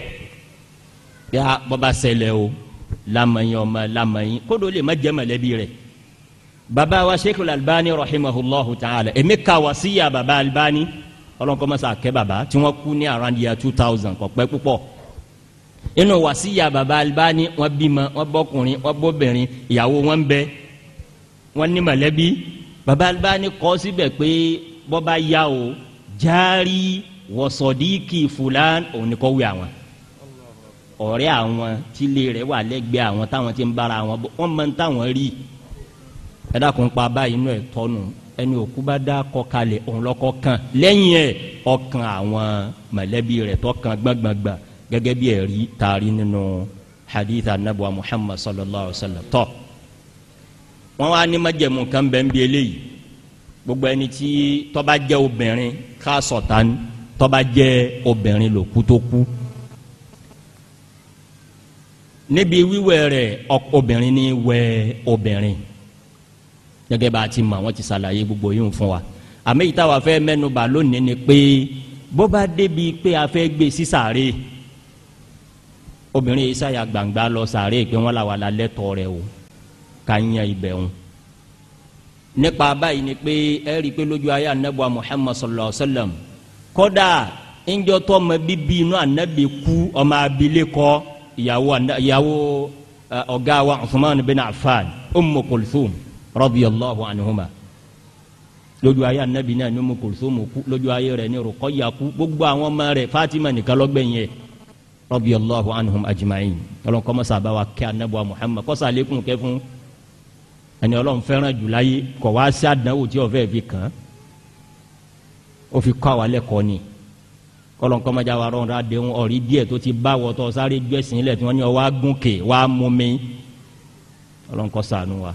A: yá bọ́ba ṣẹlẹ̀ o lamẹyin ọmọ lamẹyin kódò lè má jẹ́ mọ̀lẹ́bí rẹ̀ baba wa sheikh albani rahimahullahu ta'ala èmi ka wasiya baba albani ọlọ́nkọ́mọ́sá kẹ́ baba tí wọ́n kú ní around year two thousand kò pẹ́ púpọ̀ inú wasiya baba albani wọ́n bímọ wọ́n bọ́kùnrin wọ́n bọ́bìnrin ìyàwó wọn bẹ wọ́n ní mọ̀lẹ́bí baba albani kọ síbẹ̀ pé bọ́ba yá jaari wọ̀sọ̀díkì fulan òun ni ọ̀rẹ́ àwọn tílé rẹ̀ wà lẹ́gbẹ̀ẹ́ àwọn táwọn ti ń bára wọn bọ̀ wọ́n mọ táwọn rí ẹ dákun pa báyìí inú ẹ̀ tọ́nu ẹni òkú bá dá kọkalẹ̀ òun lọ́kọ́ kan lẹ́yìn ẹ̀ ọkàn àwọn mọ̀lẹ́bí rẹ̀ tọkàn gbàgbàgbà gẹ́gẹ́ bí ẹ̀rí taari nínú hadith anabuwa muhammad sallallahu alaihi wa sallam tọ́ wọ́n wá ní májẹ̀mú kan bẹ́ẹ̀ ń bí eléyìí gbogbo ẹni tí tó jẹ́ obìnrin ká sọ̀tàn tó jẹ́ obìnrin lòkú kú níbi wíwẹ̀ rẹ̀ obìnrin ní wẹ̀ obìnrin gẹ́gẹ́ bá a ti mọ̀ wọ́n ti ṣàlàyé gbogbo yìí fún wa àmì ìtawà fẹ́ mẹ́nubà lónìí ni pé bó bá débi pé a fẹ́ gbé sí sàárè obìnrin yìí sáyà gbangba lọ sàárè pé wọ́n là wà lálẹ́ tọ́ rẹ̀ o ká yan ibẹ̀ wọn nípa báyìí ni pé ẹ rí i pé lójú ayé anabuwa Muhammad sallallahu alaihi wa sallam kódà ńjọ́ tó ọmọ bíbí inú anabi kú ọmọ abilékọ ìyàwó ọ̀gá wa Uthman bin Affan Ummu Kulthum radiyallahu anhuma lójú ayé anabi náà ni Ummu Kulthum kú lójú ayé rẹ̀ ni Ruqayya kú gbogbo àwọn ọmọ rẹ̀ Fatima nìkan lọ́gbẹ̀yìn yẹn radiyallahu anhum ajma'in ọlọ́n kọ́ mọ́sá wa kẹ́ anabuwa Muhammad kọ́sá lẹ́kùn kẹ́ fún ẹni ọlọ́n fẹ́ràn jùlá yé kọ̀ wá sí àdánwò tí ọ̀fẹ́ fi kàn ó fi kọ́ àwa lẹ́kọ̀ọ́ ni kọlọ̀nkọ́mọdé àwọn arọ̀ ọ̀rọ̀ àdéhùn ọ̀rí díẹ̀ tó ti bá wọ̀tọ̀ sáré gbẹ̀sìn lẹ̀ tí wọ́n ní ọ wá gúnkè wá mumi ọlọ́nkọ́ sànù wa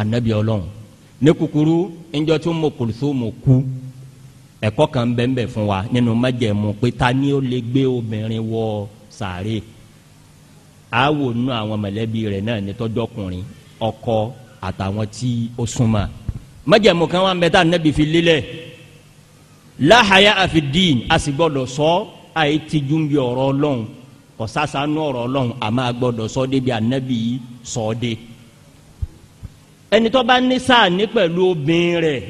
A: anabi ọlọ́run ní kúkúrú ńjọ tí mo kò so mo kú ẹ̀kọ́ kan bẹ́ẹ̀ fún wa nínú májẹ̀mú pé ta ni ó lè gbé obìnrin wọ sàárè àwò nù àwọn mọ̀lẹ́bí rẹ̀ náà ní tọ́jọ́kùnrin ọkọ àtàwọn tí ó súnmọ́ májẹ̀mú kan wà ń anabi fi lélẹ̀ láhàyà àfìdín a sì gbọ́dọ̀ sọ àyè tìjú ń bí ọ̀rọ̀ Ọlọ́run ọ̀sásá nú ọ̀rọ̀ Ọlọ́run a máa gbọ́dọ̀ sọ débi ànábì yìí sọ de. ẹni tó bá ní sáà ní pẹ̀lú obìnrin rẹ̀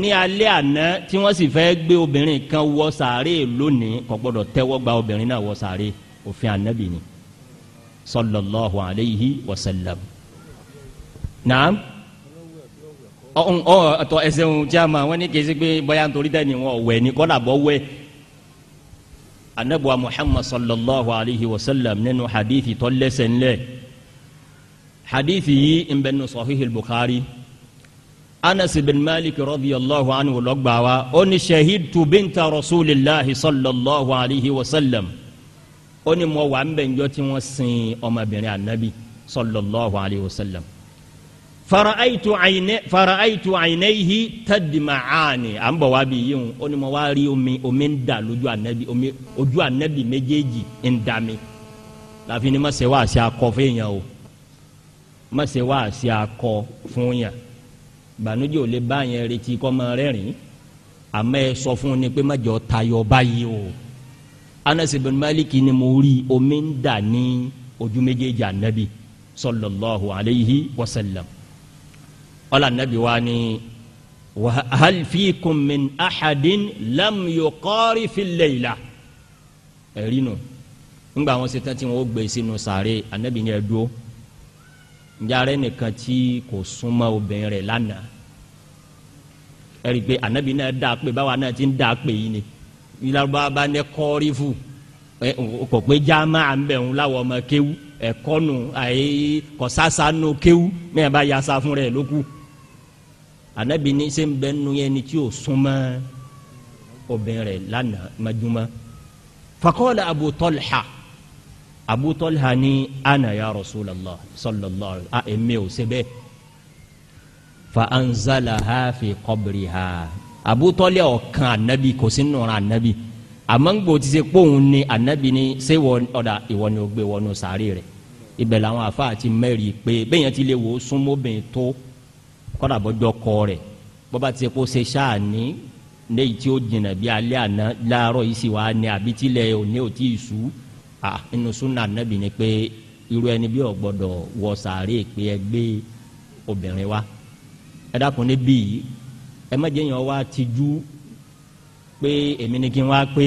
A: ní alẹ́ àná tí wọ́n sì fẹ́ gbé obìnrin kan wọ sàárè lónìí kò gbọ́dọ̀ tẹ́wọ́ gba obìnrin náà wọ sàárè òfin ànábì ni sallallahu alayhi wa sallam. naam ọ ọ tọ ẹsẹ ohun tí a ma wọn ní kì í ṣe pé bóyá nítorí ni wọn wẹ ni kọ́dà bọ́ wẹ. anabuwa muhammad sallallahu alayhi wa sallam nínú hadithi tó hadithi yìí ń bẹ nínú sahihil bukhari anas bin malik radiyallahu anhu lọ́gbà wa ó ní binta rasulillahi sallallahu alayhi wa sallam ó ní mo wà ń bẹ̀ ń jọ́ tí sin ọmọbìnrin anabi sallallahu alayhi wa sallam fara'aitu aine fara'aitu ainaihi tadma'ani à ń bọ̀ wá bí yìí ń ó ní mo wá rí omi omi ń dà lójú ànábì omi ojú ànábì méjèèjì ń dà mí láfi ni má ṣe wá sí akọ fún yẹn o má ṣe wá sí akọ fún yẹn ìbànújẹ́ ò lè bá yẹn retí kọ́ máa rẹ́rìn àmọ́ ẹ sọ fún ni pé má jọ tayọ báyìí o Anas ibn Malik ni mo rí omi ń dà ní ojú méjèèjì ànábì sallallahu alayhi wa sallam. قال النبي واني وهل فيكم من fiikum لم يقارف lam yuqari fil layla ẹ̀rí nù ńgbà wọn ṣetán tí wọn ó anabi e ni ẹ dúró njàre nìkan tí kò súnmọ́ obìnrin rẹ̀ lánàá ẹ̀rí anabi náà dáa pé báwa náà ti ń dáa pé ni ìlànà bá ní kọ́ọ́rí fún kò pé jámá à ń bẹ̀ ń láwọ ọmọ kéwú ẹ̀kọ́ nù àyè kọ̀sásá nù kéwú bá yasa fún rẹ̀ lókù anabi ní ṣe ń bẹ nu yẹn ni tí o súnmọ́ obìnrin rẹ̀ lánàá mẹjúmọ́ fakọ́lá abu tọ́lá abu tọ́lá ní ana ya rasulallah sallallahu a èmi ò ṣe bẹ́ẹ̀ fa anzala ha fi kọ́bìrì ha abu tọ́lá ọ̀kan anabi kò sí nùrọ̀ anabi àmọ́ngbò ti se kpóhùn ni anabi ni ṣé ọ̀dà ìwọ ni o gbé wọnú sàárè rẹ̀ ibẹ̀ làwọn afa àti mẹ́rin pé bẹ́ẹ̀ ti lè wò ó súnmọ́ bẹ́ẹ̀ kọ́dà bọ́jọ́ kọ rẹ̀ bọ́ba ti ṣe kó ṣe ṣáà ní léyìí tí ó jìnnà bí alẹ́ àná láàárọ̀ yìí sì wá ní àbí tilẹ̀ ò tí ì sú à inú súnà nàbì ni pé irú ẹni bí ò gbọ́dọ̀ wọ sàárè pé ẹ gbé obìnrin wa ẹ dákun níbí yìí ẹ má jẹ́ yẹn wá tijú pé èmi ni kí n wá pé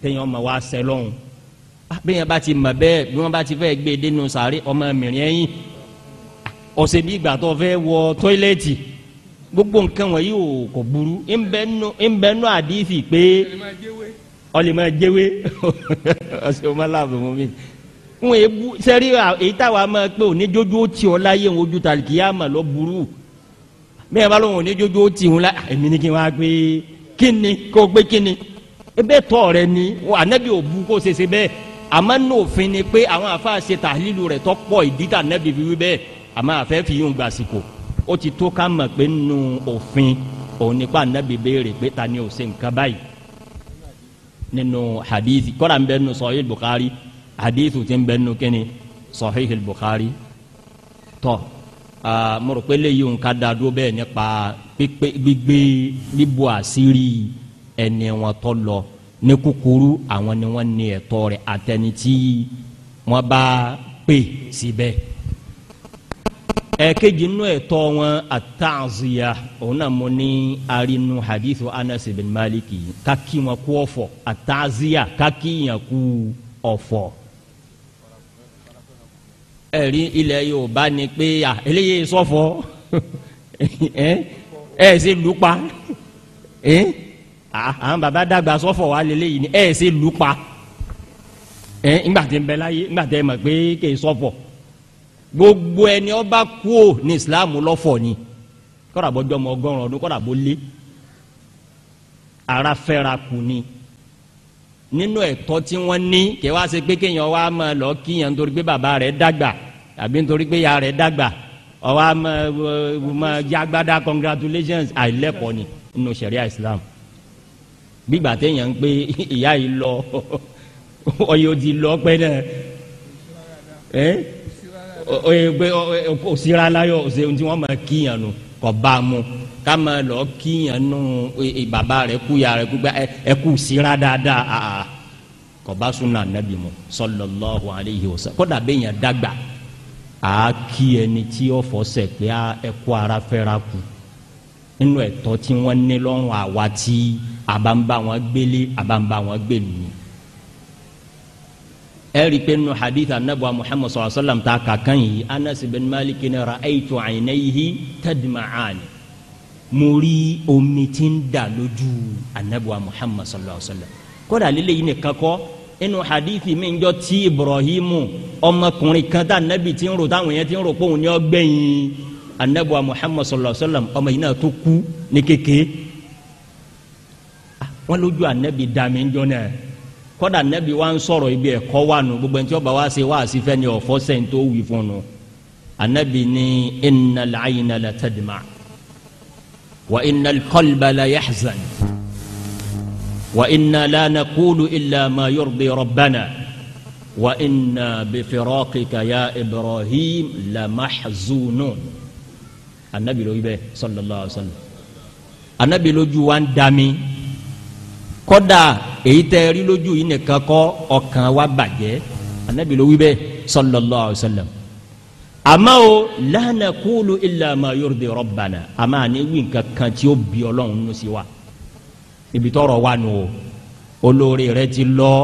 A: téèyàn ma wá sẹ́lọ̀hún bí yẹn bá ti mọ̀ bẹ́ẹ̀ bí wọ́n bá ti fẹ́ gbé e dénú sàárè ọmọ mìíràn ẹ̀yìn ọ̀sẹ̀ bí ìgbà tó fẹ́ wọ tọ́ílẹ̀tì gbogbo nǹkan wọ̀nyí ò kò burú ńbẹ́nu àdìsí pé ọlẹ́ máa jẹ́wé <laughs> ọ̀sẹ̀ ọmọ aláàbò mọ́ mi. wọn èbú sẹ́rí èyí táwa máa pé oníjójú ó tì ọ́ láyé òun ojú tàlìkìyàmà lọ burú bẹ́ẹ̀ bá lóun oníjójú ó tì òun láyé èmi ni kí n wá pé kíni kó gbé kíni ebe tọ rẹ ni anabi ò bu kó sese bẹ́ẹ̀ àmọ́ n'òfin ni pé àwọn afa ṣe tàhílù rẹ̀ tọ́ pọ̀ ìdí tà nẹ́bi fi wí bẹ́ẹ̀ àmọ́ àfẹ́ fi yún gbàsìkò ó ti tó ká mọ̀ pé nínú òfin òun nípa ànábì béèrè pé ta ni ò ṣe nǹkan báyìí nínú hadithi kọ́ra ń bẹ nínú sọ̀hí bukhari hadithu ti ń bẹ nínú kíni sọ̀hí bukhari tọ́ mo rò pé léyìí òun ká dáa dúró bẹ́ẹ̀ nípa pípé gbígbé bíbu àṣírí ẹni wọn tọ́ lọ ní kúkúrú àwọn ni wọ́n ní ẹ̀tọ́ rẹ̀ àtẹnití wọ́n bá pè síbẹ̀. Si ẹ̀ẹ́kejì nínú ẹ̀tọ́ wọn àtàzìyà òun mo ní arinu hadith anas ibn maliki kákí wọn kú ọ̀fọ̀ àtàzìyà kákí yẹn kú ọ̀fọ̀. ẹ̀rí ilẹ̀ yorùbá ni pé à eléyìí sọ̀fọ̀ ẹ̀ <laughs> ẹ̀ sì lùpa ẹ̀ àwọn baba dàgbà sọ̀fọ̀ wa lélẹ́yìí ni ẹ̀ sì lùpa ẹ̀ ńgbà tí ń bẹ láyé ńgbà tí ẹ gbogbo ẹni ọba kú ò ní islam lọ́fọ̀ ni kọ́ra bọ́ jọmọ ọgọ́rùn ọdún kọ́ra bọ́ lé ara fẹ́ra kù ni nínú ẹ̀tọ́ tí wọ́n ní kí wá ṣe pé kéèyàn wá máa lọ kíyàn nítorí pé bàbá rẹ̀ dàgbà àbí nítorí pé ya rẹ̀ dàgbà ọwọ́ máa jágbádá congratulations àìlẹ́kọ̀ọ́ ni nínú ṣẹ̀ríà islam gbígbà téèyàn ń pé ìyá yìí lọ <laughs> ọyọ ti lọ pẹ́ náà. oye pé osira láyọ òsè ntí wọn máa kíyàn nù kọ bá a mú ká máa lọ kíyàn nù bàbá rẹ ya sira nabi mu sallallahu alayhi wa sallam kódà bẹ́ẹ̀ a dàgbà àá e ni ti tí ó fọsẹ̀ pé a ara fẹ́ra ku nínú ẹ̀tọ́ ti wọ́n ní lọ́rùn wa tí a bá ń ẹ̀rí pé nínú hadith anabuwa muhammad sallallahu alaihi wa sallam ta kàkán yìí anas bin malik ni ra'aytu aynayhi tadma'ani mo rí omi tí ń dà lójú anabuwa muhammad sallallahu alaihi wa sallam kódà lílé yìí nìkan kọ́ inú hadithi mi ń jọ ti ibrahimu ọmọkùnrin kan tá anabi ti ń ro táwọn yẹn ti ń ro pé òun ni ó gbẹ̀yìn anabuwa muhammad sallallahu alaihi wa sallam ọmọ yìí náà tó kú ní kékeré ah, wọn lójú anabi dàmí jọ náà. kọ́dà nẹ́bí wa ń sọ̀rọ̀ ibi ẹ̀kọ́ wa nù gbogbo ẹni tí ọba wa ṣe wá sí fẹ́ ni ọ̀fọ́ sẹ́yìn tó wù fún un anabi ni innal ayna la tadma wa innal kọlba la yahzan wa inna la kulu illa ma yurdi rabbana wa inna bi firaqika ya ibrahim la mahzunun anabi ló wí bẹ́ẹ̀ sallallahu alaihi wa sallam anabi ju wa ń dami. kódà èyí tẹ́ rí lójú yìí nìkan kọ́ ọkàn wa bàjẹ́ anabi ló wí bẹ́ẹ̀ sallallahu alaihi wasallam àmọ́ o la naqulu illa ma yurdi rabbana àmọ́ àní wí nǹkan kan tí ó bí ọlọ́run nù sí wa ibi tọrọ wa nù o olórí rẹ ti lọ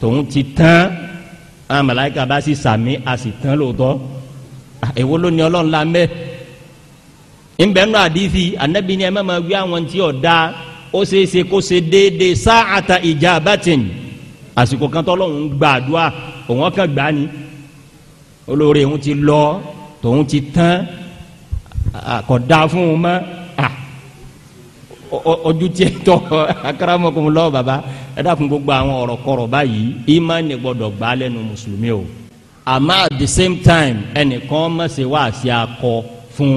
A: tòun ti tán amalayika bá sì sàmì a sì tán lóòótọ́ èwo ló ní la mẹ́ nbẹ́nu àdìsí anabi ni ẹ ma wí àwọn tí ò dáa ó ṣeé ṣe kó ṣe déédéé sáàtà ijabatin àsìkò kan tọ́lọ́hún gbàdúrà òun kan gbà ní olórí òun ti lọ tòun ti tán àkọ́dá fún un mọ́ ojú tiẹ̀ tọ́ akaramakun lọ baba ẹ dákun gbogbo àwọn ọ̀rọ̀ kọ̀rọ̀ báyìí ìmánì gbọ́dọ̀ gbà lẹ́nu mùsùlùmí o àmọ́ at the same time ẹnìkan mọ̀ ṣe wá sí akọ fún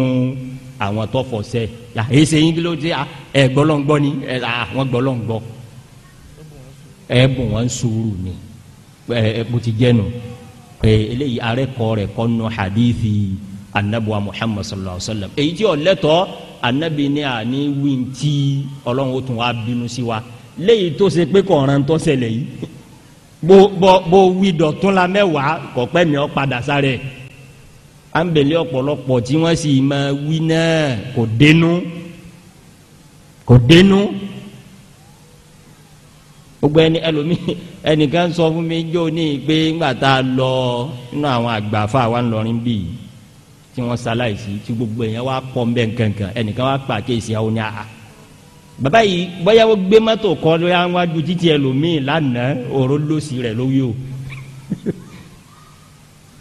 A: àwọn tó fọṣẹ́ yà é ṣe yín kí ló dé ẹ gbọ́lọ́ngbọ́ ni ẹ eh, àwọn gbọ́lọ́ngbọ́ ẹ eh, bùn wọn sùúrù ni ẹ eh, bó ti jẹ́ nu ẹ eléyìí arẹ́kọ̀ rẹ̀ kọ́ nu hadithi anabuwa muhammad sallallahu alaihi wa sallam èyí tí ó lẹ́tọ̀ anabi ni a ní wíńtì ọlọ́run ó tún wá bínú sí wa léyìí tó ṣe pé kọ̀ọ̀ràn tó ṣẹlẹ̀ yìí bó bó bó wí dọ̀tún la mẹ́wàá kọ̀pẹ́ mi ọ́ padà sáré àǹbẹ̀lẹ̀ ọ̀pọ̀lọpọ̀ tí wọ́n sì máa wí náà kò dénú kò dénú gbogbo ẹni ẹlòmíì ẹnìkan sọ fún mi jó ní pé ńgbà tá a lọ nínú àwọn àgbàfà wa ńlọrin bíi tí wọ́n ṣaláìsí tí gbogbo èèyàn wá pọ̀ ń bẹ nkankan ẹnìkan wá pa kéèsì àwọn ní àhà bàbá yìí bóyá wọ́n gbé mọ́tò kọ́ lóyá wájú títí ẹlòmíì lánàá òró lòsì rẹ̀ lóyò <laughs>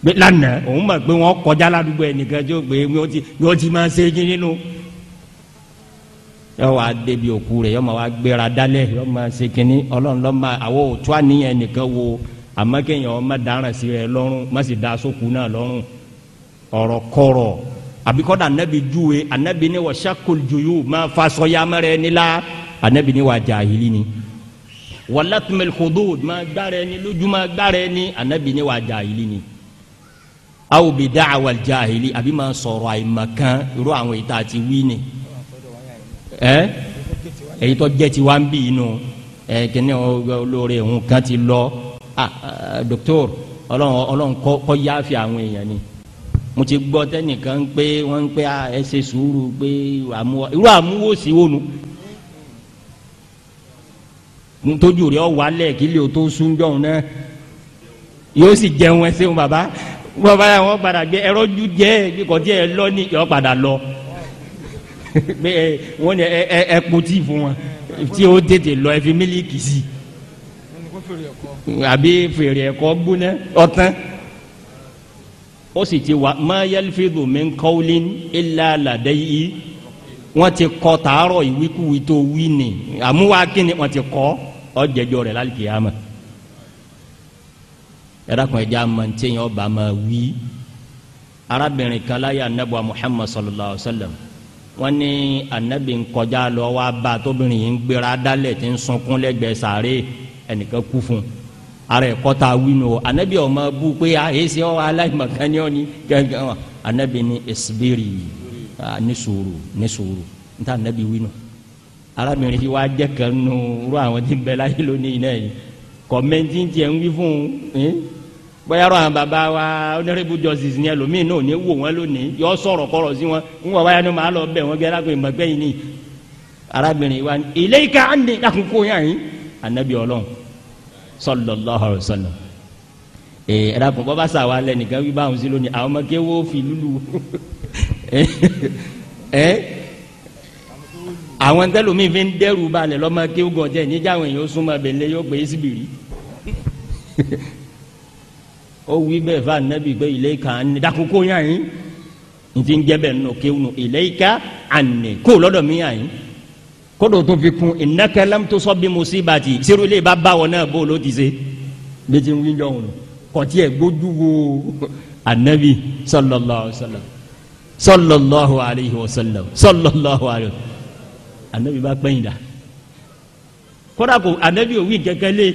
A: pé lánàá òun mọ̀ pé wọ́n kọjá ládùúgbò ẹnìkan tí ó gbé mi ó ti mi ó ti máa ṣe kí nínú. yọ wá débi òkú rẹ̀ yọ máa wá gbéra dálẹ̀ yọ máa ṣe kínní ọlọ́run lọ́ máa àwọ̀ òtún àníyàn nìkan wo àmọ́ kéèyàn ọmọ dáràn sí rẹ̀ lọ́rùn má sì da sókun náà lọ́rùn ọ̀rọ̀ kọ̀rọ̀ àbíkọ́dà anabi júwe anabi ni wà sàkól juyú máa fa sọyàmẹ́rẹ́ nílá anabi ni wà jàhìlì ni wàlátùmẹ̀lì kòdó ma gbára ẹni lójú máa gbára ẹni anabi ni wà jàhìlì ni aw bi da'wa al-jahili àbí máa sọ̀rọ̀ àìmọ̀kan irú àwọn èyí tá a ti wí ni ẹ èyí tó jẹ́ tiwa ń bì inú ẹ kíní olóore òun kan ti lọ doctor ọlọ́run kọ́ yááfì àwọn èèyàn ni mo ti gbọ́ tẹ́nìkan pé wọ́n ń pẹ́ ẹ ṣe sùúrù pé irú àmúwò sí wónú ntójú rẹ̀ ọ̀ wálẹ̀ o tó sún jọ̀hún náà yóò sì jẹun ẹ ṣeun wọ́n bá yà wọ́n padà gbé ẹ̀rọ ju jẹ́ kíkọ́ tí ẹ lọ ní yọ padà lọ <laughs> wọ́n ní ẹ ẹ kpoti fún wọn tí ó tètè lọ ẹ fi mílíkì sí àbí fèrè ẹ̀kọ́ gbóná ọ̀tán ó sì ti wà má yalfidu min qawlin ti kọ tààrọ̀ ìwíkúwìí tó wí ni àmúwá kíni wọ́n ti kọ́ ọ jẹjọ́ rẹ̀ lálùkìyàmà ẹ̀dàkùn ẹ̀já mọ̀ntẹ́ yẹn ọba máa wí arábìnrin kan láyé anabuwa muhammad sallallahu alaihi wa sallam wọ́n ní anabi nkọjá lọ wá bá tóbìnrin yìí ń gbéra dálẹ̀ tí ń sunkún lẹ́gbẹ̀ẹ́ sàárè ẹnìkan kú fún un ara ẹ̀kọ́ ta wínú o anabi ọmọ bú pé a ah, èsì ọ aláìmọ̀kan ni ọ ni gángan wa anabi ni esibiri ah, ní sùúrù ní sùúrù n ta anabi wínú arábìnrin yìí wá jẹ́ kan rú àwọn tí ń bẹ láyé lónìí náà yìí kọ́mẹ́ntì tiẹ̀ ń wí fún un. Eh? bóyá rọ àwọn baba wa honourable justice ni ẹlòmíì náà ní wò wọn lónìí yọ sọ̀rọ̀ kọ̀rọ̀ sí wọn ń wọ wáyà ni màá lọ bẹ̀ wọ́n gẹ́gẹ́ lágbègbè mọ̀gbẹ́ yìí ni arábìnrin wa ni ilé ika á ní dàkúnkó yàn yín anabi ọlọ́run sallallahu alaihi wasallam ee ẹ dàkún bọ́bá sà wà lẹ́nìkan wí báwọn sí lónìí àwọn ọmọkẹ́ wo fi lulu <laughs> ẹ àwọn tẹlómi fi ń dẹrù balẹ̀ lọ́mọkẹ́ gọ̀ọ́jẹ́ níjà àwọn èèyàn ó súnmọ́ abẹ́lé yóò gbé síbìrì <laughs> ó wí bẹ́ẹ̀ fún anabi pé ilayka anni dákòókò yàn yín ntí ń jẹ́ bẹ́ẹ̀ nù kéwù nù ilayka anni kó lọ́dọ̀ mi yàn yín kódò tó fi kun innaka lam tusabbi musibati sírú ilé bá bá wọn náà bó ló ti ṣe bí ti ń wí jọ òun kọtí ẹ gbójú wo anabi sallallahu alaihi wasallam sallallahu alaihi wasallam sallallahu alaihi wasallam anabi bá pẹ́yìn dà kódà kò anabi ò wí kẹ́kẹ́ lé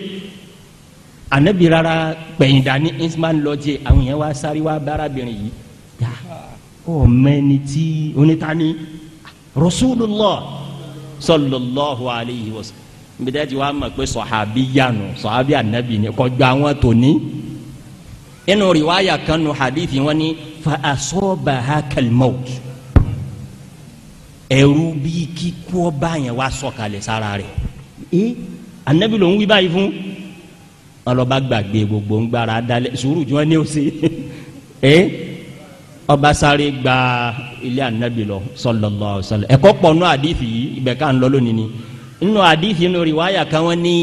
A: anabi rara gbẹ̀yìndà ní isman lọ́jẹ̀ àwọn yẹn wá sáré wá bárabìnrin yìí yá ọ mẹ́ni tí onítàní rasulullah sallallahu alayhi wa sallam nbẹ̀dẹ̀ tí wàá mọ̀ pé sọ̀hábí yanu sọ̀hábí anabi ni kọjá wọn tó ní inú riwaya kan nu hadithi wọn ni fa asọ́baha kalmaut ẹ̀rù bíi kíkú ọba yẹn wá sọ̀kalẹ̀ sára rẹ̀ ẹ anabi ló ń wí báyìí fún. ọlọba gbàgbé gbogbo ń gbára sùúrù tí ní ó ẹ <laughs> eh? ọba sáré gba ilé anabi lọ sọlọlọ sallam ẹ̀kọ́ pọ̀ nù àdìfì yìí ká ń lọ lónìí ni nù àdìfì nù kan ní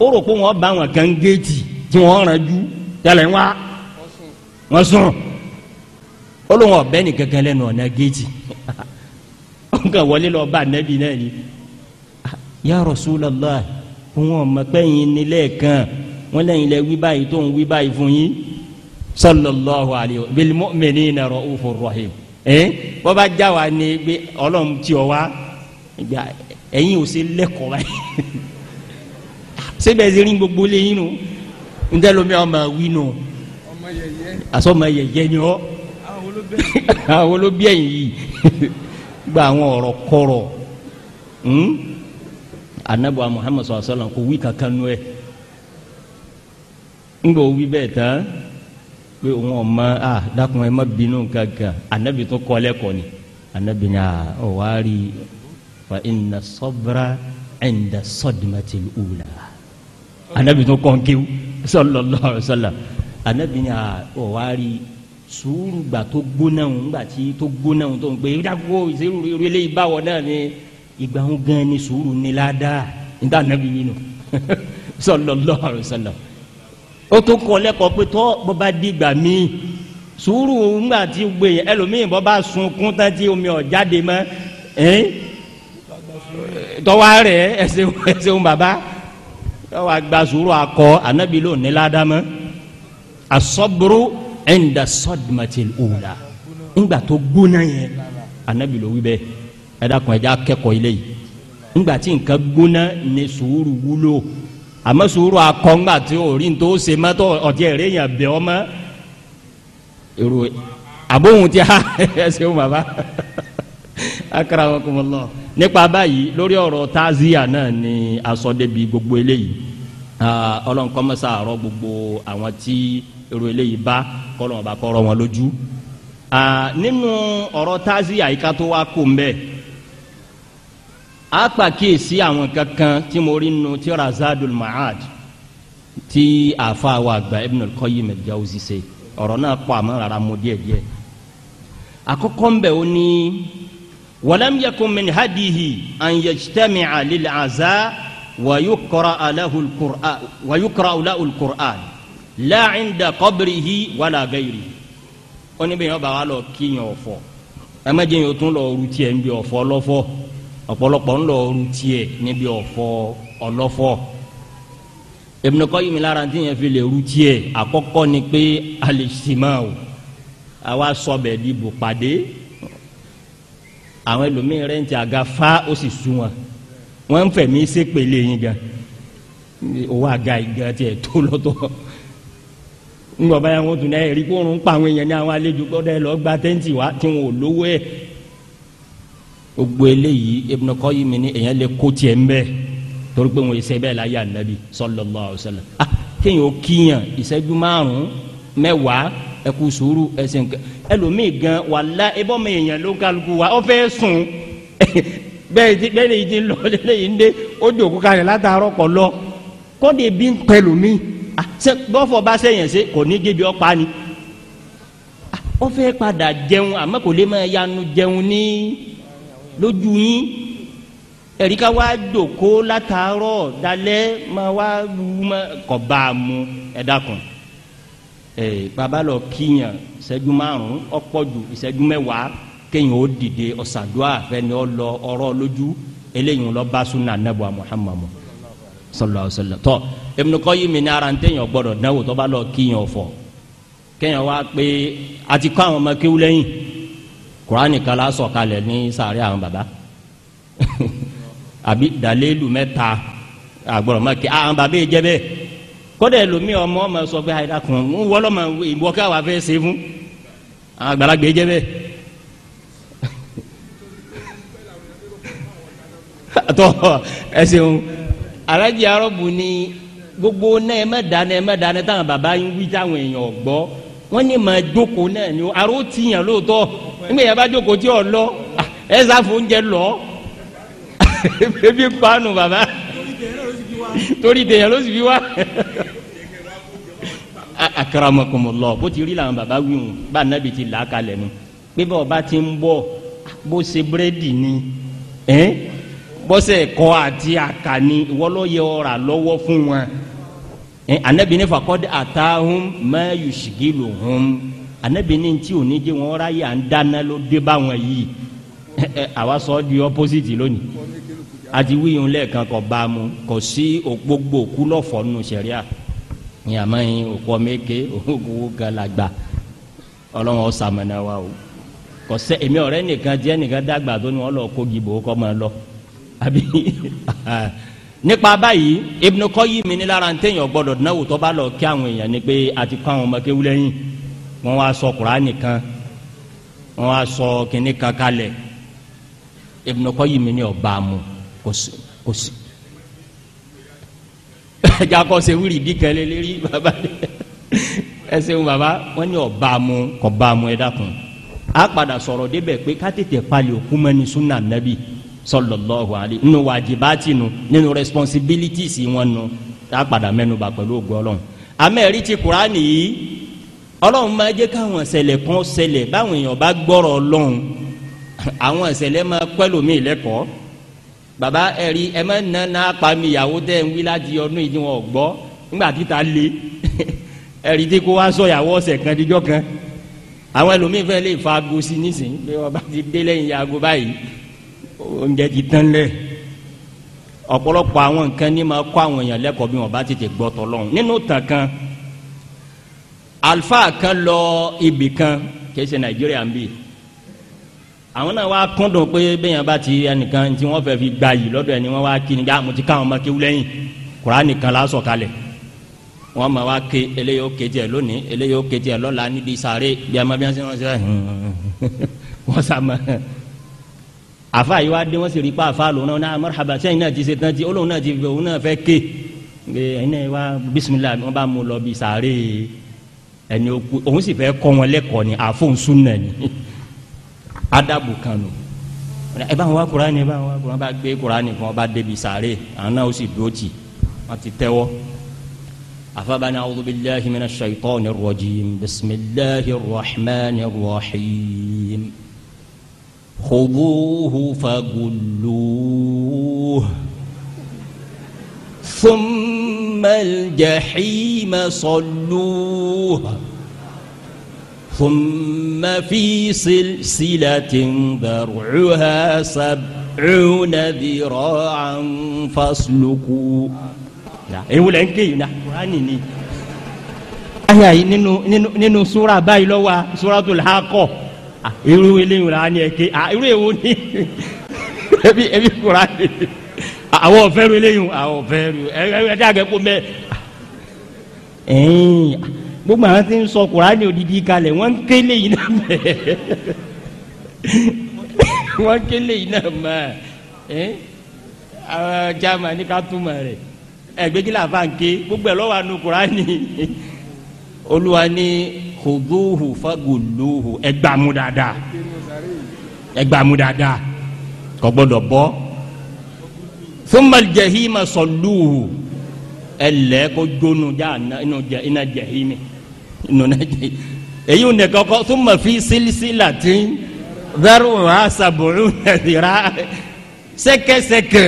A: ó rò bá wọn kan géètì tí wá sùn ó lóun nìkankan ọ̀nà géètì <laughs> ó kàn wọlé lọ bá anabi náà ni. ya Rasulullah wọn mọ̀ pé yín nílẹ̀ kan wọn lẹ́yìn lẹ wí báyìí tó ń wí báyìí fún yín sallallahu alayhi bil mu'minina ra'ufur rahim ẹ wọ́n bá já wa ní gbé ọlọ́run tí ọ wá ẹ̀yin ò sí lẹ́kọ̀ọ́ báyìí síbẹ̀ <laughs> sí rí gbogbo lẹ́yìn nù ntẹ lomi ọmọ wi nù asọmọ yẹyẹ ni ọ àwọn olóbi <laughs> <laughs> gba àwọn ọ̀rọ̀ kọ̀rọ̀. Hmm? anabu muhammad sallallahu alaihi wa sallam kò wí kankan nu ẹ ńgbà wí bẹ́ẹ̀ tán pé òun ọmọ a dákun ẹ má bínú kankan anabi tó kọ́ lẹ́kọ̀ọ́ anabi ni a ọ wá fa ina sabra inda sadmatil ula anabi tó kọ́ sallallahu alaihi wa sallam anabi ni a ọ wá rí sùúrù gbà tó gbónáwó gbà tí tó gbónáwó tó ń pè é eléyìí báwọ̀ náà ni ìgbà ń gan ni sùúrù ni ládàá níta nàbí yìí nù <laughs> sallallahu alaihi wasallam ó tún kọ lẹ́kọ̀ọ́ pé tọ́ bó bá dìgbà míì sùúrù ńgbà tí gbèyàn ẹlòmíì bó bá sunkún tán tí omi ọ̀ jáde mọ́ ẹ́n tọ́wá rẹ̀ ẹsẹ̀ ẹsẹ̀ bàbá tọ́wá gba sùúrù akọ anabi ló ní ládàmọ́ asọ́bùrú ẹ̀ńdà sọ́dìmọ̀tì òwúlà ńgbà tó gbóná yẹn anabi ló wí bẹ́ẹ̀ ẹ dákun ẹja kẹ́kọ̀ọ́ ilé yìí ńgbà tí nǹkan gbóná ni sùúrù wúlò àmọ́ sùúrù akọ́ngbà tí orí ń tó ṣe mọ́tò ọ̀tí ẹ̀rẹ́ yẹn bẹ̀ ọmọ èrò àbóhùn tí a <laughs> ẹ ṣeun bàbá akramakumullah nípa báyìí lórí ọ̀rọ̀ taziya náà ni asọ́dẹ́bi gbogbo eléyìí ọlọ́run kọ́ mọ́sá àárọ̀ gbogbo àwọn tí èrò eléyìí bá kọ́lọ́mọba kọ́rọ̀ wọn lójú nínú ọ̀rọ̀ taziya yìí ká tó wá kó mbẹ́ẹ́ a pàkíyèsí àwọn kankan tí mo rí nu tí razadul ma'ad tí àfa wa gba ibn al-Qayyim al-Jawzi ṣe ọ̀rọ̀ náà pọ̀ àmọ́ rárá mo díẹ̀ díẹ̀ àkọ́kọ́ ń bẹ̀ ó ní walam yakun min hadihi an yajtami'a lil aza wa yuqra'a lahu al-Qur'an wa yuqra'u lahu al ó ní bẹ́ẹ̀ yẹn bá wà lọ kíyàn ọ̀fọ̀ ẹ má jẹ́ yẹn o tún lọ rú tiẹ̀ ń bí ọ̀fọ̀ lọ́fọ̀ọ́ ọ̀pọ̀lọpọ̀ ń lọ ọrùn tiẹ̀ níbi ọ̀fọ̀ ọlọ́fọ̀ Ibn Qayyim lára tí yẹn fi lè ru tiẹ̀ àkọ́kọ́ ni pé al-ijtima'u àwa sọbẹ̀ dìbò pàdé àwọn ẹlòmíín rẹ̀ ń ti àga fa ó sì sún wọn wọn ń fẹ̀mí sépèlè yín gan owó àga ìgbà tiẹ̀ tó lọ́tọ̀ ńgbọ̀n báyà wọn tún náà rí kó ń pa àwọn èèyàn ní àwọn àlejò gbọ́dọ̀ ẹ lọ́ọ́ gba tẹ́ǹtì wá tí wọn ò lówó ẹ̀ gbogbo eléyìí Ibn Qayyim ní èyàn lè kó tiẹ̀ ń bẹ́ẹ̀ torí pé wọn ìṣe bẹ́ẹ̀ láyé ànábì sallallahu alaihi wasallam ah kéèyàn ó kíyàn ìṣẹ́jú márùn-ún mẹ́wàá ẹ̀kú sùúrù ẹ̀sìn kan ẹlòmíì gan wàlá ebọ́ mi èèyàn ló kálukú wa ọ fẹ́ sùn <laughs> bẹ́ẹ̀ ti bẹ́ẹ̀ lèyí ti lọ <laughs> lẹ́yìn ń dé ó jòkó kalẹ̀ látàárọ̀ kọ́ lọ kọ́ni ebi ń pẹ̀lú mi ah, bọ́fọ̀ bá sẹ́yìn ṣe kò ní débi ọ̀pá ni ah, ó padà jẹun àmọ́ kò yanu jẹun Ni lójú yín ẹ̀rí ká wá jòkó látàárọ̀ dalẹ́ máa wá wú kọ̀ bá a mu ẹ̀ dákun ee baba lọ kíyàn ìṣẹ́jú márùn ọ̀pọ̀jù ìṣẹ́jú mẹ́wàá kéyìn ó dìde ọ̀sàdúà fẹ́ni ọ lọ ọ̀rọ̀ lójú eléyìí lọ bá sunna anabu muhammadu sallallahu alaihi wa sallam tọ Ibn Qayyim ní ara ntẹ̀yìn ọgbọ́dọ̀ náwó tọ́ba lọ kíyàn ọ̀fọ̀ kéyàn wá pé àti kọ́ àwọn ọmọ kéwú lẹ́yìn kurani kan la sọ̀kalẹ̀ ní àwọn baba àbí dalilu mẹ́ta agbọ́dọ̀ ma kí àwọn baba yìí jẹ́ bẹ́ẹ̀ kódà ẹlòmíì ọmọ ọmọ sọ pé àyíká kan ń wọ́lọ́ ma ìwọ ká wà fẹ́ ṣe fún àwọn àgbàlagbà yìí jẹ́ bẹ́ẹ̀. <laughs> tọ́ ni gbogbo náà ẹ má dáná baba yín wí táwọn èèyàn gbọ́ wọ́n ní ma jókòó ni nígbà yẹn bá jókòó tí ò lọ ẹ sáfù oúnjẹ lọ <laughs> ebi panu baba torí tèèyàn ló sì fi wá akaramakumullah bó ti rí làwọn baba wíwùn bá nàbì ti là á kalẹ̀ nu pé bá ọba ti ń bọ̀ bó ṣe búrẹ́dì ni bọ́sẹ̀ kọ́ àti àkànní wọ́lọ́yẹ ọ̀rà lọ́wọ́ fún wọn anabi nífa kọ́ àtàhùn mẹ́yùsìgìlù hùn anabi ní tí ò ní jẹ́ wọn ráyè à ń dáná ló dé báwọn yìí <laughs> àwa sọ di opposite lónìí àti wíyùn lẹ́ẹ̀kan kò bá a mu kò sí gbogbo òkú lọ́fọ̀ọ́ nù sẹ̀ríà ní àmọ́ yín òkú ọmọ èké <laughs> òkú galagba ọlọ́run ọ̀sàmọ̀nà wa o kò sẹ́ èmi ọ̀rẹ́ nìkan jẹ́ nìkan dàgbà tó ní wọn lọ kó gìbò kọ́ máa lọ àbí <laughs> nípa báyìí Ibn Qayyim mi ní lára ń téèyàn gbọ́dọ̀ náwó tó bá lọ kí àwọn èèyàn ni pé àti kọ́ àwọn ọmọ kéwú wọ́n wá sọ kuraani kan wọ́n wá sọ kìnnì kan kalẹ̀ Ibn Qayyim ni ọba mu kò sí kò sí <laughs> ṣe wuli di lérí baba de ẹsẹ wo baba wọ́n ní ọba mu kọ ba mu ẹ dákun a padà sọ̀rọ̀ débẹ̀ pé ká tètè pali òkú mẹ ní sunna nabi sallallahu alayhi nínú wàjibáàtì nu nínú responsibilities wọn nu tá a padà mẹ́nuba pẹ̀lú ògbọ́lọ́n amẹ́rì ti yìí ọlọ́run máa jẹ́ káwọn ìṣẹ̀lẹ̀ kan ṣẹlẹ̀ báwọn èèyàn bá gbọ́rọ̀ ọlọ́run àwọn ìṣẹ̀lẹ̀ máa pẹ́ lómi ìlẹ́kọ̀ọ́ baba ẹ̀rí ẹ má nà ná apami ìyàwó tẹ̀ ń wí láti ọdún yìí wọn gbọ́ nígbà títa le <laughs> ẹ̀rí tí kò wá sọ ìyàwó ọ̀sẹ̀ kan díjọ́ kan àwọn ẹlòmíín fẹ́ lè fa aago sí nísìnyí pé ọba ti dé lẹ́yìn aago báyìí oúnjẹ ti tán lẹ̀ ọ̀pọ̀lọpọ̀ àwọn nǹkan ní máa kọ́ àwọn èèyàn lẹ́kọ̀ọ́ bí wọn bá tètè gbọ́ tọ́lọ́run nínú tàn kan alfa kan lọ ibì kan kìí ṣe nàìjíríà ń bì àwọn náà wá kúndùn pé bẹ́yàn bá ti ẹnìkan tí wọ́n fẹ́ fi gba yìí lọ́dọ̀ ẹni wọ́n wá kí ni gbàmù ti káwọn ọmọ kéwú lẹ́yìn kura nìkan la sọ̀kalẹ̀ wọ́n máa wá ké eléyìí ó ké tiẹ̀ lónìí eléyìí ó ké tiẹ̀ lọ́la níbi sáré bí a máa bí wọ́n ṣe wọ́n ṣe <laughs> wọ́n sá ma àfa yìí wá dé wọ́n sì rí pa àfa lòun náà marhaba sẹ́yìn náà ti ṣe tán ti olóhùn náà ti fẹ́ ké ẹ̀yin náà wá bisimilayi ẹni òkú òun sì fẹ́ kọ́ wọn lẹ́kọ̀ọ́ ni àfọ̀nsún náà ni adabu kan nù ẹ bá ń wá kura ni ẹ bá ń wá kura bá gbé kura ni fún ọ bá débi sàárè àwọn ó sì dúró tì wọn ti tẹ́wọ́ afabani awudu mina shaitan rojim bisimilahi rahmani rahim khuduhu fagulluhu. ثم الجحيم صلوها ثم في سلسلة ذرعها سبعون ذراعا فاسلكوا لا نعم. ايه ولنكي نا نعم. وانيني ايه نينو نينو سورة باي سورة الحاقو ايه ولنكي ايه ولنكي ايه ولنكي ايه ولنكي ايه ولنكي ايه ولنكي àwọn ọ̀fẹ́ ru eléyìí àwọn ọ̀fẹ́ ru ẹ ẹ dàgẹ́ kó mẹ́ ẹ̀yìn gbogbo àwọn tí ń sọ kùránì òdìdí kalẹ̀ wọ́n ń kélé yìí náà mẹ́ wọ́n ń kélé yìí náà mẹ́ ẹ́ àwọn german ní ká túmọ̀ rẹ̀ ẹ̀gbẹ́jì là bá ń ké gbogbo ẹ̀ lọ́wọ́ àánú kùránì olúwa ní kòdóhù fagolóhù ẹgbàmú dáadáa ẹgbàmú dáadáa kò gbọdọ̀ bọ́ thumma jahima salluhu ẹlẹ kó jónu jáàna inú jẹ iná jahimi inú náà jẹ èyí ò ní kọkọ thumma fi silsilatin dharuha sab'una dhira'a sẹkẹsẹkẹ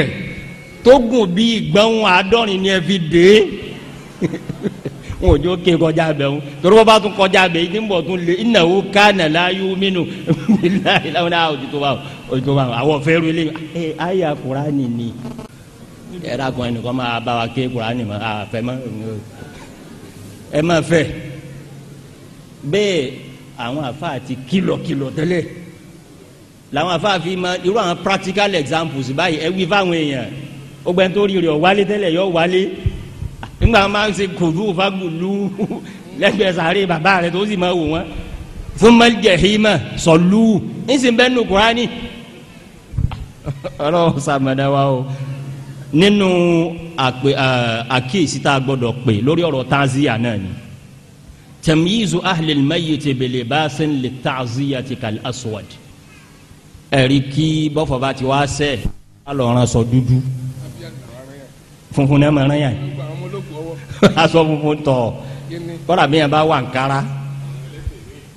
A: tó gùn bí gbẹ̀hún àádọ́rin ni ẹ fi dé n ò jó ké kọjá bẹ ń torí wọn bá tún kọjá bẹ yìí ní tún lé innahu kana la yu'minu billahi láwọn náà òtítọ́ bá òtítọ́ bá àwọn fẹ́ẹ́ rú ilé ayé Kùránì ni ẹ dàgbọn ẹnìkan máa bá wa ké kurani ma àfẹ mọ ẹ má fẹ́ bẹ́ẹ̀ àwọn àfáà ti kìlọ̀kìlọ̀ tẹ́lẹ̀ làwọn àfáà fi ma irú àwọn practical examples báyìí ẹ wí fáwọn èèyàn ó gbẹ́ tó rí rẹ̀ wálé tẹ́lẹ̀ yọ wálé nígbà wọn máa ń ṣe kòdú fagolú lẹ́gbẹ̀ẹ́ sàárè bàbá rẹ̀ tó sì máa wò wọ́n fún mẹ́lìjẹ̀hìmà sọ̀lú ń sì bẹ́ẹ̀ nù kúránì ọlọ́run sàmàdà wa o nínú àkíyèsí tá a gbọ́dọ̀ pè lórí ọ̀rọ̀ taziya náà ni tamyizu ahlil mayyiti bi libasin li ta'ziyati kal aswad ẹ̀rí kí bọ́fọ̀ bá ti wá sẹ́ alọ̀ràn sọ dúdú funfun náà mọ̀ràn yàn <laughs> aṣọ funfun tọ̀ kọ́ra bí yẹn bá wà ń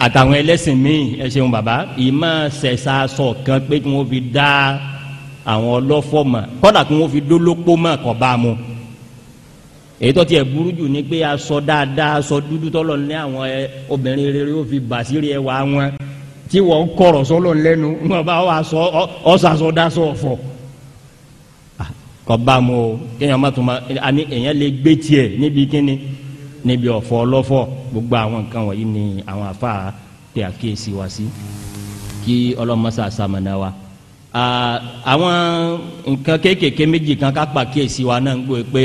A: àtàwọn ẹlẹ́sìn míì ẹ ṣeun bàbá ìmọ̀ ṣẹ̀ṣà sọ̀ kan pé kí wọ́n fi dá àwọn ọlọ́fọ́ mọ̀ kọ́dà kí wọ́n fi dólópó mọ̀ kọ́ bá mu èyí tó tiẹ̀ burú jù ni pé aṣọ dáadáa aṣọ dúdú tọ́lọ̀ ní àwọn obìnrin rere yóò fi bàṣírí ẹwà wọn tí wọ́n ń kọ̀rọ̀ sọ́lọ̀ lẹ́nu wọn bá wà sọ ọ̀sàsọ dáṣọ ọ̀fọ̀ ah, kọ́ bá mu o kéèyàn má tún ma àní èèyàn lè gbé tiẹ̀ níbi kíni níbi ọ̀fọ̀ ọlọ́fọ̀ gbogbo àwọn nǹkan wọ̀nyí ni àwọn àfa pé àkíyèsí wa sí kí ọlọ́mọ sàṣàmọ̀nà wa àwọn nǹkan kéékèèké méjì kan ká pàkíyèsí wa náà ń gbọ́ pé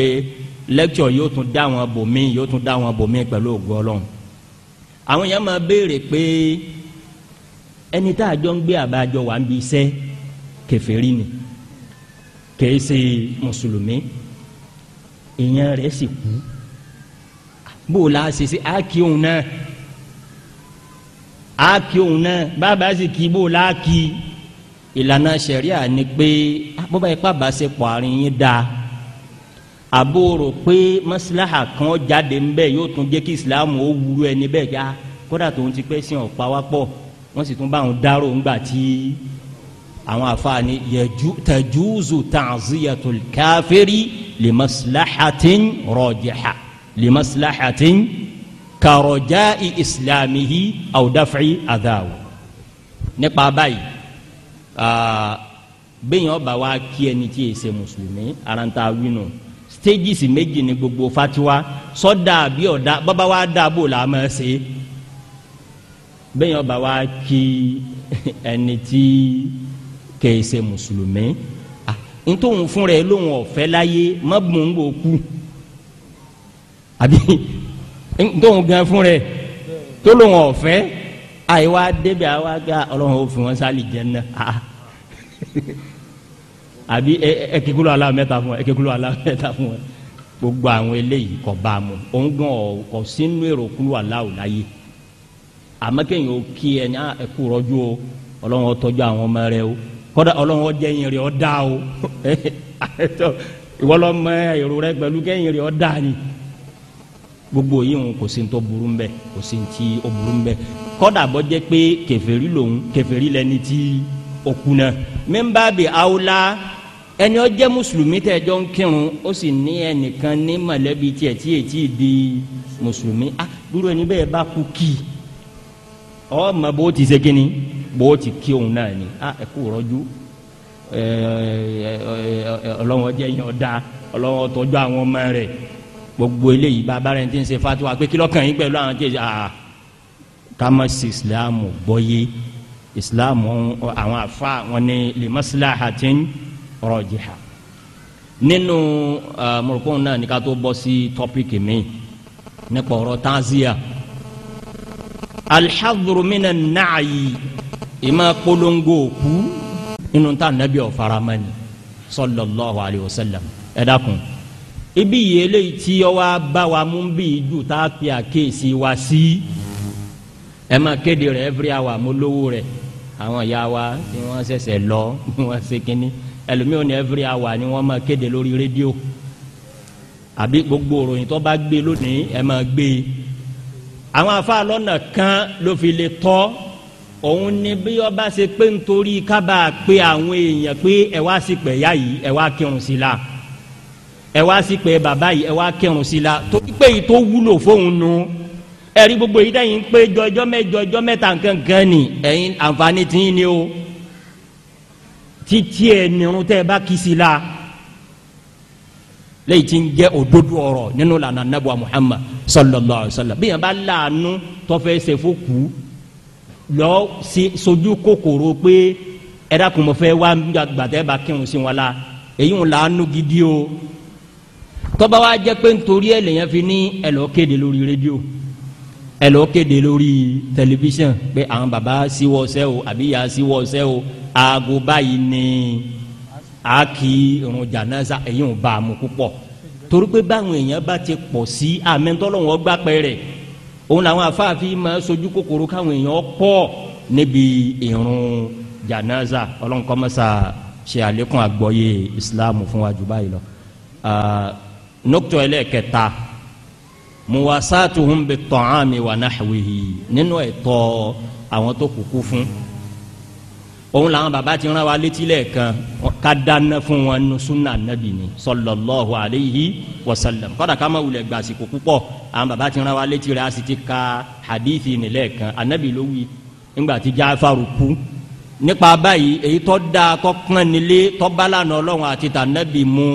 A: lẹ́kṣọ̀ yóò tún dá wọn bòmí yóò tún dá wọn bòmí pẹ̀lú ògùn ọlọ́run àwọn yẹn máa béèrè pé ẹni tá a jọ ń gbé àbájọ wà ń bi iṣẹ́ kèfèrí ni kèé ṣe mùsùlùmí èèyàn rẹ̀ sì kú bó o la ṣe ṣe á kí òun náà á kí òun náà bàbá sì kí bó o la kí ìlànà sẹ̀ríà ni pé ah, bọ́bá ipá bá ṣe pọ̀ àárín yín dáa àbò rò pé mọ́síláhà kan jáde ń bẹ́ẹ̀ yóò tún jẹ́ kí ìsìláàmù ó wúru ẹni bẹ́ẹ̀ já ah, kódà tó ń ti pẹ́ sí ọ̀pá wá pọ̀ wọ́n sì tún bá àwọn dárò ńgbà tí àwọn àfààní tajuzu ta'ziyatul káfírí li maslahatin rajiha li maslahatin ka rajai islamihi aw daf'i adhaw nípa báyìí Ah, bẹ́yìn ọba wa kí ẹni tí yẹ ṣe mùsùlùmí ara ń ta wínú stages méjì ni gbogbo fatiwa sọ́dà bí ọ̀dà bàbá wa dàbò là máa ṣe bẹ́yìn ọba wa kí ẹni tí kẹ̀ ṣe mùsùlùmí ntòun ah, fún rẹ lóun ọ̀fẹ́ láyé má bùn ń bò kú àbí ntòun gan fún rẹ tó lóun ọ̀fẹ́ àìwá débi àwa gá ọlọ́run ó fi wọn sálì jẹ́ náà. Ah, <laughs> àbí ẹkẹkulu alámẹ́ta fún ẹ <laughs> fún gbogbo àwọn eléyìí kò bá mu òun gan kò sínú èrò kulu aláwò láyé àmọ́ ó kí ẹ ní ẹkú rọjú o ọlọ́run àwọn ọmọ rẹ o kódà ọlọ́run <laughs> rẹ gbogbo yìí kò sí tó burú mbẹ kò sí tí lẹni tí ó mímbà bí awla ẹni ó jẹ́ mùsùlùmí tẹ́ jọ ń kírun ó sì ní ẹnìkan ní mọ̀lẹ́bí tiẹ̀ tí èyí di mùsùlùmí a ah, dúró ẹni bẹ́ẹ̀ bá kú kì í ọ mọ bó ti ṣe kí ni bó ti kí òun náà ni a ah, ẹ kú rọjú ọlọ́wọ́n jẹ́ yín ọ̀dà ọlọ́wọ́n tọ́jú àwọn ọmọ rẹ̀ gbogbo eléyìí bàbá rẹ̀ ti ń ṣe fatiwa pé kí lọ́kàn yín pẹ̀lú àwọn tí ah, ká má ṣe Islam gbọ́yé islam àwọn afa wọn ni limaslahatin rajiha nínú mọ̀rọ̀kọ́ náà ní ká tó bọ́ sí tọ́píkì mi nípa ọ̀rọ̀ tanzia alḥadru mina naayi ìmọ̀ polongo òkú nínú tá nàbí ọ̀faramani sallallahu alayhi wa sallam ẹ dákun ibi yìí eléyìí tí ọ wá bá wa mú bí ju tá a fi àkéèsí wa sí ẹ máa kéde rẹ̀ every hour mo lówó rẹ̀ àwọn ìyá wa tí wọ́n ṣẹ̀ṣẹ̀ lọ ni <laughs> wọ́n ṣe kínní ẹlòmíràn ní every hour ni wọ́n máa kéde lórí rédíò àbí gbogbo òròyìn tó bá gbé lónìí ẹ máa gbé e àwọn afáà lọ́nà kan ló fi lè tọ́ òun ni bí ọba ṣe pé nítorí kábà pé àwọn èèyàn pé ẹ wá sí pẹ̀ yá yìí ẹ wá kírun sí la ẹ wá sí pẹ̀ bàbá yìí ẹ wá kírun sí la torí pé yìí tó wúlò fóun nu. No ẹ̀rí gbogbo yìí dẹ́yìn pé jọjọ́ mẹ́jọ jọ́ mẹ́ta nǹkan gan ni ẹ̀yin àǹfààní tí ń ní o títí ẹ̀ nírun tẹ́ ẹ bá kí la lẹ́yìn tí ń jẹ́ òdodo ọ̀rọ̀ nínú lànà nàbọ̀ Muhammad sallallahu alaihi wasallam bí yẹn bá láàánú tọ́fẹ́ ṣẹ̀fọ́ kú lọ sí sojú kòkòrò pé ẹ dákun mọ̀ gbàtẹ́ bá kírun sí wọn la èyí ń láàánú gidi o tọ́ba wa jẹ́ pé nítorí ẹ̀ lèyàn fi ní ẹ̀ lọ́ọ́ kéde lórí rédíò ẹ lọ kéde lórí tẹlifíṣàn pé àwọn baba síwọ́sẹ́ o àbí ìyá síwọ́sẹ́ o aago báyìí ni a kì í irun jànáza èyí ń bá a mú púpọ̀ torí pé báwọn èèyàn bá ti pọ̀ sí àmẹ́ńtọ́lọ́wọ́n gbà pẹ́ rẹ̀ òun làwọn afáàfin máa sojú kòkòrò káwọn èèyàn pọ̀ níbi irun jànáza ọlọ́nkọ́mọ́sá ṣe àlékún àgbọ́yé ìsìláàmù fún wa jù báyìí lọ. Ah, nọ́kítọ̀ ẹlẹ́ẹ̀kẹta muwasaatuhum bi tọọami wa nahwihi nínú ẹ̀tọ́ àwọn tó kúkú fún òun làwọn baba ti rán wa létí lẹ́ẹ̀kan ká dáná fún wọn nu sunna nabi ni sallallahu alayhi wa sallam kódà ká má wulẹ̀ gbàsìkò púpọ̀ àwọn baba ti rán wa létí rẹ̀ a sì ti ka hadithi ni lẹ́ẹ̀kan anabi ló wí nígbà tí jaafaru kú nípa báyìí èyí tó dáa tó kàn nílé tó bá lànà ọlọ́run àti tànàbì mu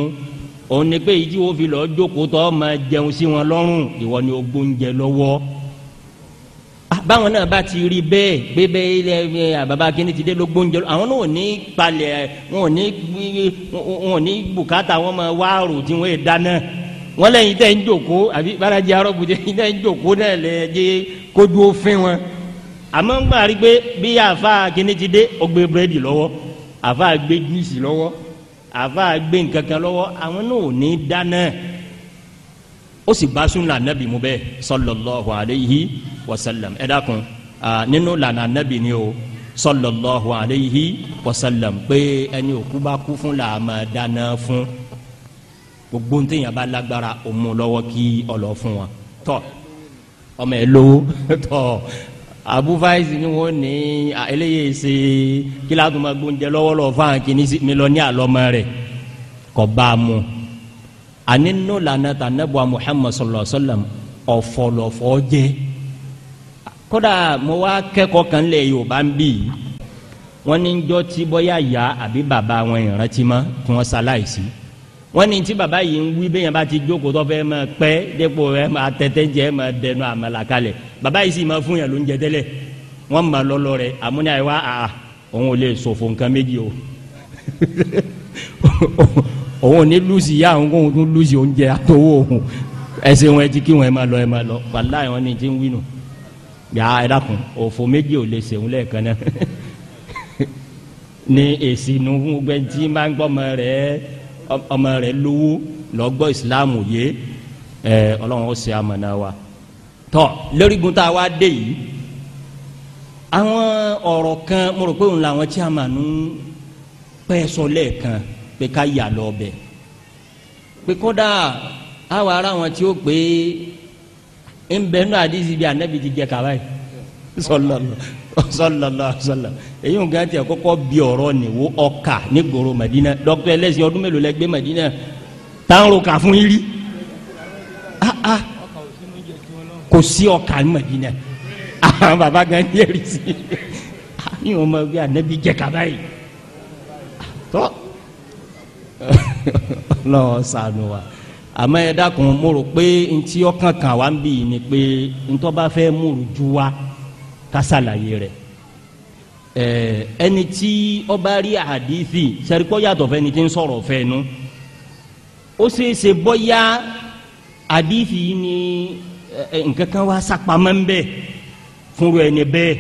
A: òun ni pé ìdí wo fi lọ jókòó tọ́ ma jẹun sí wọn lọ́rùn ìwọ ni ogbóúnjẹ lọ́wọ́ ah, báwọn náà bá ti rí bẹ́ẹ̀ pé bẹ́ẹ̀ ilẹ̀ àbábá kínní ti dé ló gbóúnjẹ lọ àwọn náà ò ní palẹ̀ wọn ò ní wọn ò ní bùkátà wọn máa wá àrò tí wọn yé dáná wọn lẹ́yìn tẹ́ ń jókòó àbí balaji arọ́bùdé yìí tẹ́ ń jókòó náà lẹ́ jẹ́ kójú òfin wọn àmọ́ ń gbà rí pé bí àfa kínní ti dé ó gbé búrẹ́dì lọ́wọ́ àfa gbé júùsì lọ́wọ́ àfa gbé nǹkan kan lọ́wọ́ àwọn náà ò ní dáná ó sì bá sunna nabi mu bẹ́ẹ̀ sallallahu alayhi wa sallam ẹ dákun nínú lànà nabi ni o sallallahu alayhi wa sallam pé ẹni òkú bá kú fún la dáná fún gbogbo ní tẹ̀yìn abá lágbára òun kí ọlọ́ fún wa tọ́ ọmọ ẹ lówó tọ́ abuvaisi ni wọn ní eléyìí ṣe kí látò máa gbóúnjẹ lọ́wọ́lọ́wọ́ fáwọn kìíní mi lọ ní àlọ́mọ rẹ̀ kọ́ bá a mú ani nù lànà tà nẹ́bùà muhammed sọlọ sọlọm ọ̀fọ̀lọ̀fọ̀ jẹ́ kódà mo wá kẹ́kọ̀ọ́ kan lẹ̀ yorùbá ń bì wọ́n ní jọ́ tí bọ́yá yá àbí bàbá wọn ìrántí mọ́ kí wọ́n ṣaláìsí. Si wọ́n ní tí bàbá yìí ń wí bẹ́yẹn bá ti jókòó tó fẹ́ máa pẹ́ dépò ẹ máa tẹ́tẹ́ jẹ́ ẹ máa dẹnu àmàlà kalẹ̀ bàbá yìí sì máa fún yàn ló ń jẹ tẹ́lẹ̀ wọ́n máa lọ́lọ́ rẹ̀ àmúni àyè àà òun ò lè sòfò nǹkan méjì o <laughs> òun ò ní lùsì yá òun kóun tún lùsì oúnjẹ àtọwọ́ òun ẹsẹ̀ wọn ti kí wọn ẹ máa lọ ẹ máa lọ wàlá wọn ni ti ń wí nù <laughs> ní èsì nu gbẹ́ntì máa ń gbọ́mọ rẹ̀ ọmọ rẹ̀ lówó lọ́gbọ́ ìsìláàmù yé ẹ ọlọ́run ó ṣe amọ̀nà wa tọ́ lórígun tá a wá dé yìí àwọn ọ̀rọ̀ kan mo rò pé òun làwọn tí a mà ń pẹ́ sọ lẹ́ẹ̀kan pé ká yà lọ bẹ̀ pé kódà àwọn ará wọn tí ó pé ń bẹ́ẹ̀ náà àdìsí bíi ànábì ti jẹ kàwáì <laughs> sọlọ́lọ́ sọlọlọ sọlọ èyí ń gàtì àkọ́kọ́ bí ọ̀rọ̀ nìwó ọkà ní gbòòrò Madina dókítà ẹlẹ́sìn ọdún mélòó lẹ gbé Madina táwọn kà fún yín rí ah, ah. kò sí ọkà ní Madina Ah, baba gan ní ẹrí sí i yìí wọn máa gbé anabi jẹ kaba yìí tọ lọ sànù wa àmọ́ ẹ dákun mo rò pé ntí ọkàn wa ń bì yìí ni pé ntọ́ bá fẹ́ múru ju wa kásàlàyé rẹ̀ ẹẹ ẹni tí ọba rí àdìsí sẹrikọ yàtọ̀ fẹ́ni tí ń sọ̀rọ̀ fẹ́nu ó ṣeéṣe bọ́yá àdìsí yìí ni nǹkan kan wá sápamọ́ ń bẹ̀ fúnru ẹni bẹ́ẹ̀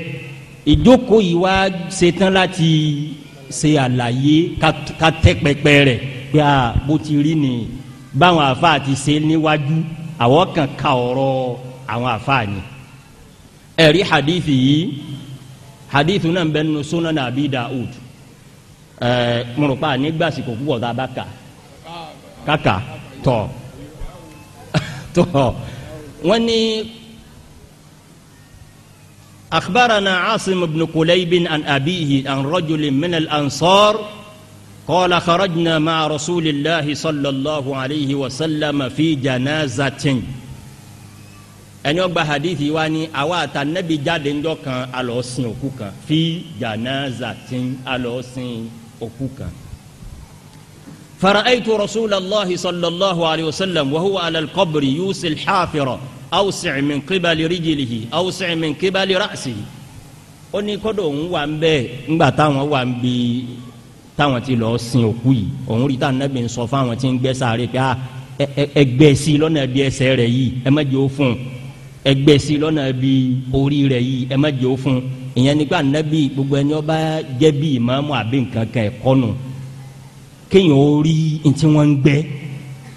A: ìjókòó yìí wá ṣetán láti ṣe àlàyé ká tẹ́ pẹpẹ rẹ̀ pé a bó ti rí ni báwọn àfa àti ṣe níwájú àwọn kan ka ọ̀rọ̀ àwọn àfa ni ẹ̀rí hadithi yìí hadithi náà bẹ́ẹ̀ nínú sunan abi daud ẹ̀ mùrùpá nígbàsíkò púpọ̀ tá a bá kà kàkà tọ̀ <laughs> tọ̀ wọ́n ní akhbarana asim ibn kulaybin an abiyihi an rajulin min ansar قال خرجنا مع رسول الله صلى الله عليه وسلم في جنازة ẹni ọgbà hadithi wa ni àwa àta nẹ́bi jáde ńjọ́ kan alọ́ sin òkú kan fi janaza ti alọ́ sin òkú kan. فرأيت رسول الله صلى الله عليه وسلم وهو على القبر يوسي الحافرة أوسع من قبل رجله أوسع من قبل رأسه ó ní kọ́dọ̀ òun wà ń bẹ́ẹ̀ ńgbà táwọn wà ń bi táwọn ti lọ́ọ́ sin òkú yìí òun rí táwọn nẹ́bí ń sọ fáwọn tí ń gbẹ́ sáré pé ah, ẹgbẹ́ sí i ẹbí ẹsẹ̀ rẹ̀ yìí ẹ má jẹ́ ó fún un ẹgbẹ́ sí lọ́nà bí orí rẹ̀ yìí ẹ má jẹ́ ó fún ìyẹn nípa ànábì gbogbo ẹni ọba jẹ́ bí ìmáàmù àbí nǹkan kan ẹ̀kọ́ nù kéèyàn ó rí ntí wọ́n ń gbẹ́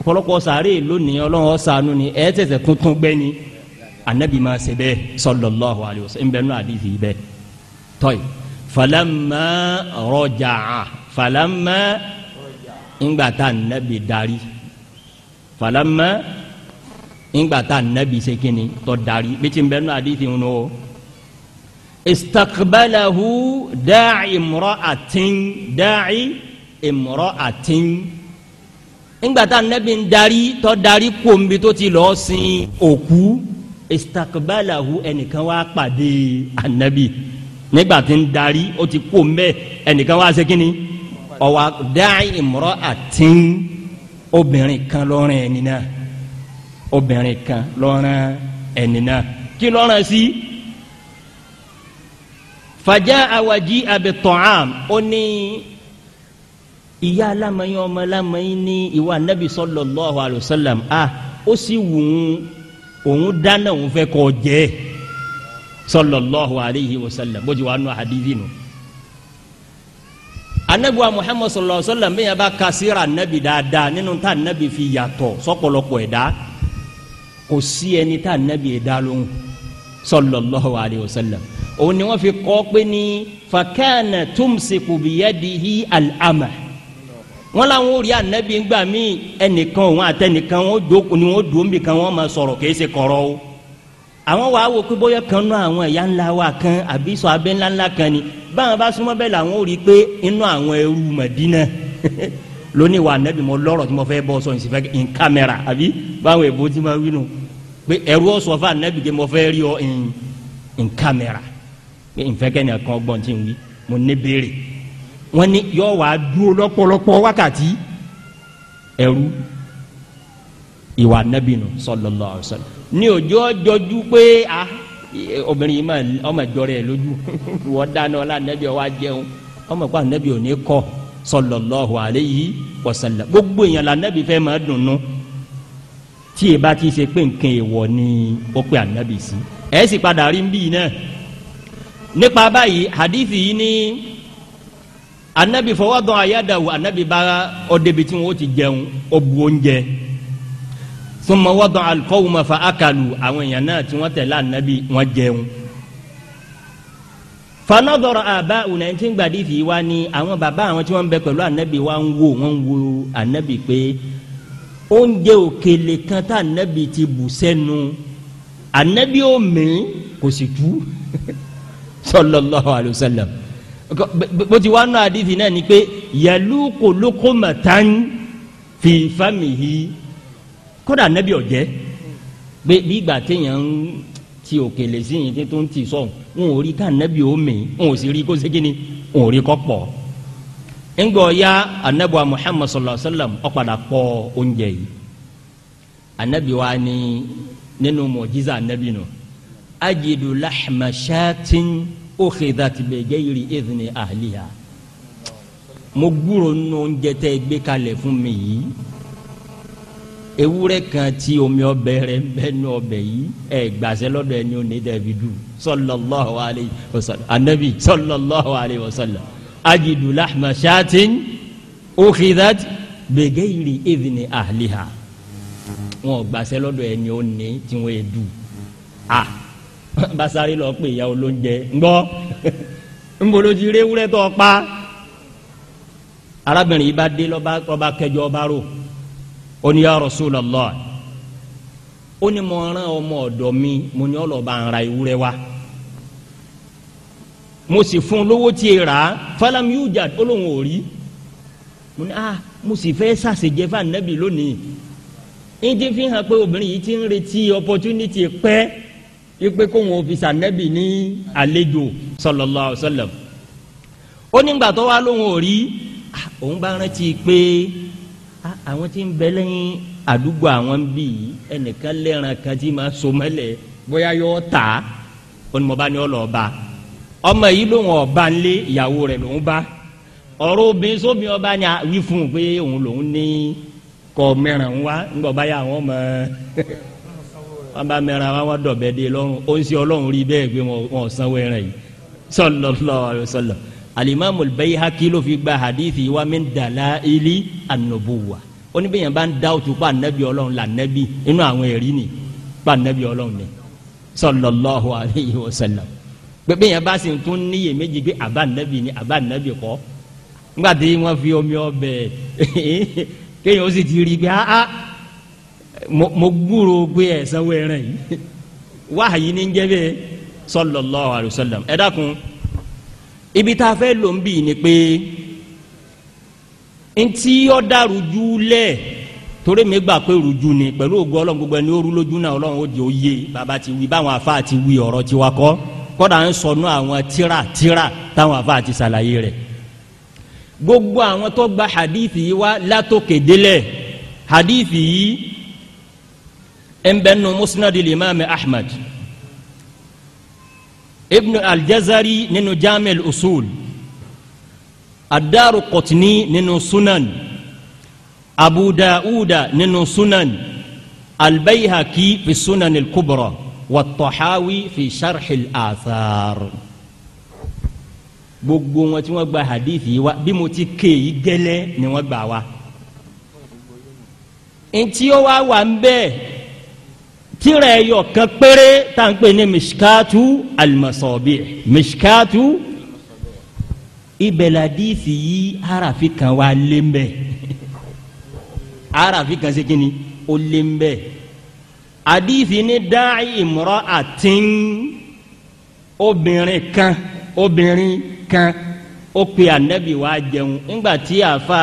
A: ọ̀pọ̀lọpọ̀ sàárè lónìí ọlọ́run ọ̀sánú ni ẹ̀ tẹ̀sẹ̀ tuntun gbẹ́ ni ànábì máa ṣe bẹ́ẹ̀ sallallahu alaihi wasallam ń bẹ́ẹ̀ nù àdìsí bẹ́ẹ̀ tọ́yì falama rọjà falama ńgbà tá ànábì darí falama ńgbàtà nàbì ṣe kínní tó darí bí ti ń bẹ́ẹ̀ nù àdìsí ń nù o. istaqbalahu da'i imra'atin da'i imra'atin ńgbàtà nàbì ń dari tó darí kòmbi tó ti lọ́ọ́ sin òkú istaqbalahu ẹnìkan wá pàdé ànàbì nígbà dari ń darí ó ti kó mbẹ ẹnìkan wá ṣe kínní ọwọ da'i imra'atin obìnrin kan lọrin ẹni obìnrin kan lọ́rán ẹni náà kí lọ́rán sí. fàjà àwàjì àbẹ̀tọ̀ám ó ní ìyá alámọ̀yìn ọmọ alámọ̀yìn ní ìwà nàbì sallallahu alaihi wasallam a ah, ó sì wù ú òun dáná òun fẹ́ kọ́ jẹ́ sallallahu alaihi wasallam bó ti wà nù àdìbì nù. anabiwa muhammad sallallahu alaihi wasallam bẹ́ẹ̀ yẹn bá kasira nabi dáadáa nínú tá nabi fi yàtọ̀ sọ́pọ̀lọpọ̀ ẹ̀dá kò sí ẹni tá ànábì ẹ̀dá lóhùn sallallahu alayhi wa sallam òun ni wọ́n fi kọ́ pé ní fakana tumsiku biyadihi al'ama wọ́n làwọn ò rí ànábì ńgbà míì ẹnìkan òun àtẹnìkan wọn dòkun ni wọn dòun bìkan wọn máa sọ̀rọ̀ kìí ṣe kọ̀rọ̀ o àwọn wàá wò pé bóyá kan nú àwọn ẹ̀yà ńlá wa kan àbí sọ abẹ́ ńlá kan ni báwọn bá súnmọ́ bẹ́ẹ̀ làwọn ò rí pé inú àwọn ẹrú Mẹdínà <laughs> lónìí wà nẹ́bí mo lọ́rọ̀ tí mo fẹ́ bọ́ sọ ìsìnfẹ́ in kámẹ́rà àbí báwọn èbó tí ma wí nù pé ẹ̀rú ọ̀sọ̀ fà nẹ́bí ké mo fẹ́ rí ọ in in kámẹ́rà pé ìfẹ́kẹ́ni kan ọgbọ́n tí ń wí mo ní béèrè wọ́n ní yọ wàá dúró lọ́pọ̀lọpọ̀ wákàtí ẹ̀rú ìwà nẹ́bí nù sallallahu alaihi wasallam ní òjò jọjú pé a obìnrin yìí máa ọmọ ìjọ rẹ̀ lójú <laughs> wọ́n dáná ọlá nẹ́bí ọ wá ọmọ ìpá nẹ́bí ò ní sallallahu alayhi wa sallam gbogbo èèyàn la nẹ́bi fẹ́ máa dùnnú tí e bá ti ṣe pé nǹkan èèwọ̀ ni ó pe ànábì sí ẹ̀ sì padà rí bí náà nípa báyìí hadithi yìí ni anabi fọwọ́dọ̀ ayadawo anabi bá ọdẹbi tí wọ́n ti jẹun ọbu oúnjẹ sọmọwọ́dọ̀ alikọ́wùmọ̀fà akalu àwọn èèyàn náà tí wọ́n tẹ̀lé anabi wọ́n jẹun fanadọrọ aba una ti gbadi fi wa ni àwọn baba àwọn tí wọn bẹ pẹ̀lú anabi wa ń wo wọn wo anabi pé oúnjẹ òkèlè kan tá anabi ti bù sẹ́nu anabi ó mì kò sì tú <laughs> sallallahu alayhi wa sallam bó ti wá nù àdìsí náà ni pé yaluqu luqmatan fi famihi kódà anabi ọjẹ gbé bí ìgbà téèyàn ń ti òkèlè sí yìí tó ń tì sọ ń ò rí kànẹ́bí omi ń ò sì rí kó ṣe kíni ń ò rí kọ́ pọ̀ ńgbọ́ ya anabiwa muhammad sallallahu alayhi wa sallam ó padà oúnjẹ yìí anabiwa ni nínú mọ̀jísà anabi nù ajidu lahma shatin ukhidhat bi ghairi idhni ahliha mo gbúrò nù oúnjẹ tẹ́ gbé kalẹ̀ fún mi yìí ewúrẹ́ kan tí omi ọbẹ̀ rẹ̀ ń bẹ́ nu ọbẹ̀ yìí ẹ̀ gbàṣẹ lọ́dọ̀ ẹni ò ní dẹ̀bi dù sallallahu alayhi wa sallam anabi sallallahu alayhi wa sallam ajidu lahma shatin ukhidat begayri idhni ahliha wọn gbàṣẹ lọ́dọ̀ ẹni ò tí wọ́n yẹ dù a basari lọ pé ìyá olóúnjẹ ńgbọ́ <laughs> ńbolójú rewúrẹ́ tó pa arábìnrin yìí bá dé lọ́ba kẹjọ ọba rò ó ya Rasulullah ó ní mo rán ọmọ ọ̀dọ̀ mi mo ní ọlọ́ba ń ra ewúrẹ́ wa mo sì fún un lówó tí falam yujad ó lóun mo ní ah mo sì fẹ́ sàṣejẹ fún anabi lónìí ní ti fi hàn pé obìnrin yìí ti ń retí opportunity pẹ́ ipe kó wọn fi sànẹ́bì ní àlejò sallallahu alaihi wasallam ó nígbà tó wá lóun ò rí ah, òun bá rántí pé àwọn tí ń bẹ lẹ́yìn àdúgbò àwọn ń bì yìí ẹnìkan lẹ́ran kan tí máa so mọ́lẹ̀ bóyá yóò tà á ó ní mo bá ní ọlọ́ọ̀ba ọmọ yìí lòun ọba ńlé ìyàwó rẹ̀ lòun bá ọ̀rọ̀ obìnrin sómi ọba ni wí fún un pé òun lòun ní kọ mẹ́ràn wá ńgbọ̀ báyà àwọn ọmọ wọn bá <laughs> mẹ́ràn wá wọn dọ̀bẹ́ dé lọ́rùn ó ń ṣe ọlọ́run rí bẹ́ẹ̀ pé wọn sanwó ẹran yìí sallallahu alimami Bayhaqi ló fi gba hadithi wa min dalaili an-nubuwah oníbẹ̀yẹn bá ń dá òtún pa nẹ́bí ọlọ́run là nẹ́bí inú àwọn èrí ni pa nẹ́bí ọlọ́run ni sallallahu alayhi wa sallam gbẹgbẹ yẹn bá sì tún níyè méjì gbé àbá nẹ́bí ni àbá nẹ́bí kọ́ nígbà tí wọ́n fi omi ọbẹ̀ <laughs> kéèyàn ó sì ti rí gbé ah mo gbúrò gbé ẹ̀sán wẹ̀rẹ̀ yìí <laughs> wáhàyí ní jẹ́ bẹ́ẹ̀ sallallahu alayhi wa sallam ẹ dákun ibi tá a fẹ́ lò ń bì ní pé ntí ọ̀dà rújú lẹ̀ torí mi gbà pé rújú ni pẹ̀lú ògùn ọlọ́run gbogbo ẹni ó rú lójú náà ọlọ́run ó di òye bàbá ti wí báwọn afa ti wí ọ̀rọ̀ tiwa kọ́ kọ́dà ń sọnù àwọn tíra tíra táwọn afa ti ṣàlàyé rẹ̀ gbogbo àwọn tó gba hadithi yìí wá látòkè délẹ̀ hadithi yìí ẹnbẹ́nu musnadi limami ahmad ibnu aljazari nínú jamiu usul adaru kotini nínú sunan abu dauda nínú sunan albayhaki fi sunan al-kubra wa tahawi fi sharhi al-athar gbogbo wọn tí wọn gba hadithi wa bí mo ti ké yìí gẹ́lẹ́ ni wọn gbà wá ntí ó wá wà ń bẹ tírà ẹyọ kan péré tá à ń pè ní mishkatu ibẹ̀ladíìsì yìí arafi kan wa lé ń bẹ̀ arafi kan segin ni o lé ń bẹ̀ àdìsí ni dáì ìmọ̀rọ̀ àti obìnrin kan obìnrin kan ó pe ànẹ́bí wa jẹun nígbà tí àfa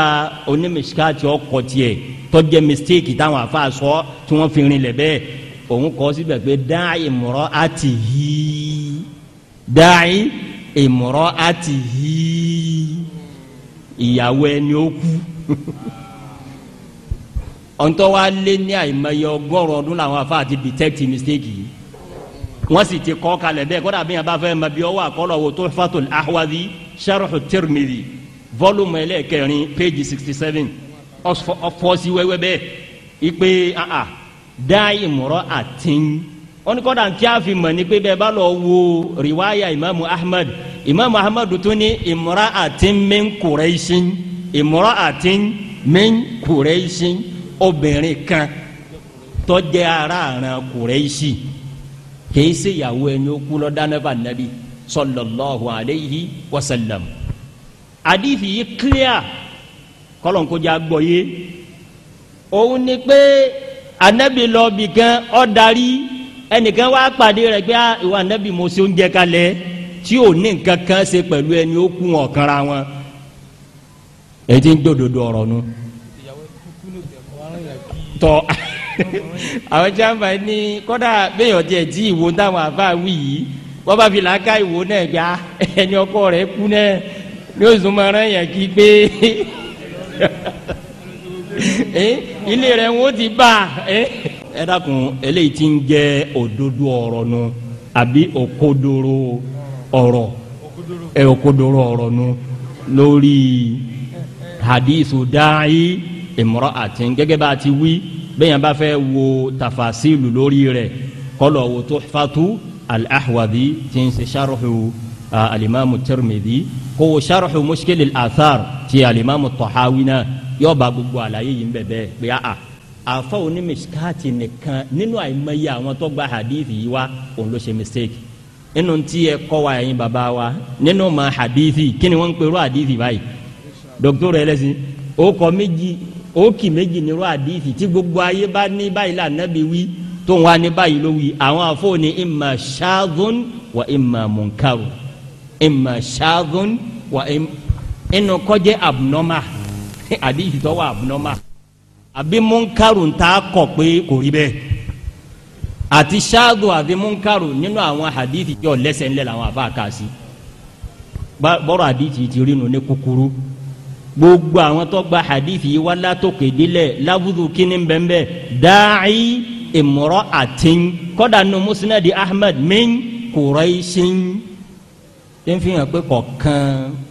A: onímìsíkàtì ọkọ̀ tiẹ̀ tọ́jẹ́ mistake táwọn àfa sọ tí wọ́n fi rin lẹ̀ bẹ́ẹ̀ òun kọ́ síbẹ̀ pé dáì ìmọ̀rọ̀ àti yìí dáì ìmọ̀rọ̀ àti hí ìyàwó ẹni ó kú ọ̀ntọ́ wa lé ní àìmọye ọgọ́rùn ọdún làwọn afa àti detect mistake yìí wọ́n sì ti kọ́ kalẹ̀ bẹ́ẹ̀ kọ́dà bí yẹn bá fẹ́ mọ bí ọwọ́ àkọlọ́ wo Tuhfatul Ahwazi Sharh Tirmidhi volume ẹlẹ́kẹrin page sixty seven ọ̀fọ́sí wẹ́wẹ́ bẹ́ẹ̀ ipe dáìmọ̀rọ̀ àtìyìn wọn kọ́dà tí a fi mọ̀ ni pé bẹ́ẹ̀ bá lọ wo riwaya imaamu ahmed imaamu ahmed tó ní imura àti min kureisin imura àti min kureisin obìnrin kan tó jẹ́ ara àrùn kureisi kìí ṣe ìyàwó ẹni ó kú lọ́dá nẹ́fà nàbí sallallahu alayhi wa sallam àdìsí yìí clear kọ́lọ́nkójà gbọ́ yé òun ni pé anabi lọ bìkan ó darí. ẹnìkan wá pàdé rẹ̀ pé ah, ìwà nẹ́bí mo oúnjẹ kalẹ̀ tí ò ní nǹkan kan ṣe pẹ̀lú ẹni ó kú wọn kanra wọn ń dòdòdò ọ̀rọ̀ nu. tọ àwọn jàǹbá ní kọ́dà béèyàn tí ìwo táwọn wí yìí wọ́n bá fi làákà ìwo náà ah, ẹni ọkọ ní oṣù yẹn <laughs> eh, ẹ dákun eléyìí ti ń jẹ́ òdodo ọ̀rọ̀ nu àbí òkodoro ọ̀rọ̀ ẹ òkodoro ọ̀rọ̀ nu lórí hadithu da'i imra'atin gẹ́gẹ́ bá a ti wí bẹ́yàn bá fẹ́ wo tafasilu lórí rẹ̀ kọlọ̀ wo Tuhfatu al-Ahwadhi ti ń ṣe sharhu alimami Tirmidhi kó wo sharhu mushkil al-athar ti alimami Tahawi yóò bá gbogbo àlàyé yìí ń bẹ̀ bẹ́ẹ̀ pé a àfa òní mẹsíkáàtì nìkan nínú àìmọye àwọn tó gba hadith yìí wá òun ló ṣe mistake nínú tí ẹ kọ́ wa ẹ̀yin bàbá wa nínú ma hadithi kí ni wọ́n ń pèrò hadith báyìí dókítà ẹlẹ́sìn o kọ méjì ó kì méjì nírú hadith tí gbogbo ayé bá ní báyìí là nábì wí tó ń wá ní báyìí ló wí àwọn àfọ òní imma shadhun wa ima munkaru ima shadhun wa imma inú kọjẹ abnormal <laughs> hadith tó wà abnormal àbí múnkàrù ń ta kọ̀ pé kò rí bẹ́ẹ̀ àti ṣáàdù àbí múnkàrù nínú àwọn hadithi tí ò lẹ́sẹ̀ ńlẹ̀ làwọn àfa kà sí bọ́rọ̀ hadithi ti rí nu ní kúkúrú gbogbo àwọn tó gba hadithi yìí wá látòkè délẹ̀ lábùdù kínní bẹ́ẹ̀ dáì ìmọ̀rọ̀ àtìn kọ́dà nù musnadi ahmed min kùrẹ́ṣin tí ń fi hàn pé kọ̀ọ̀kan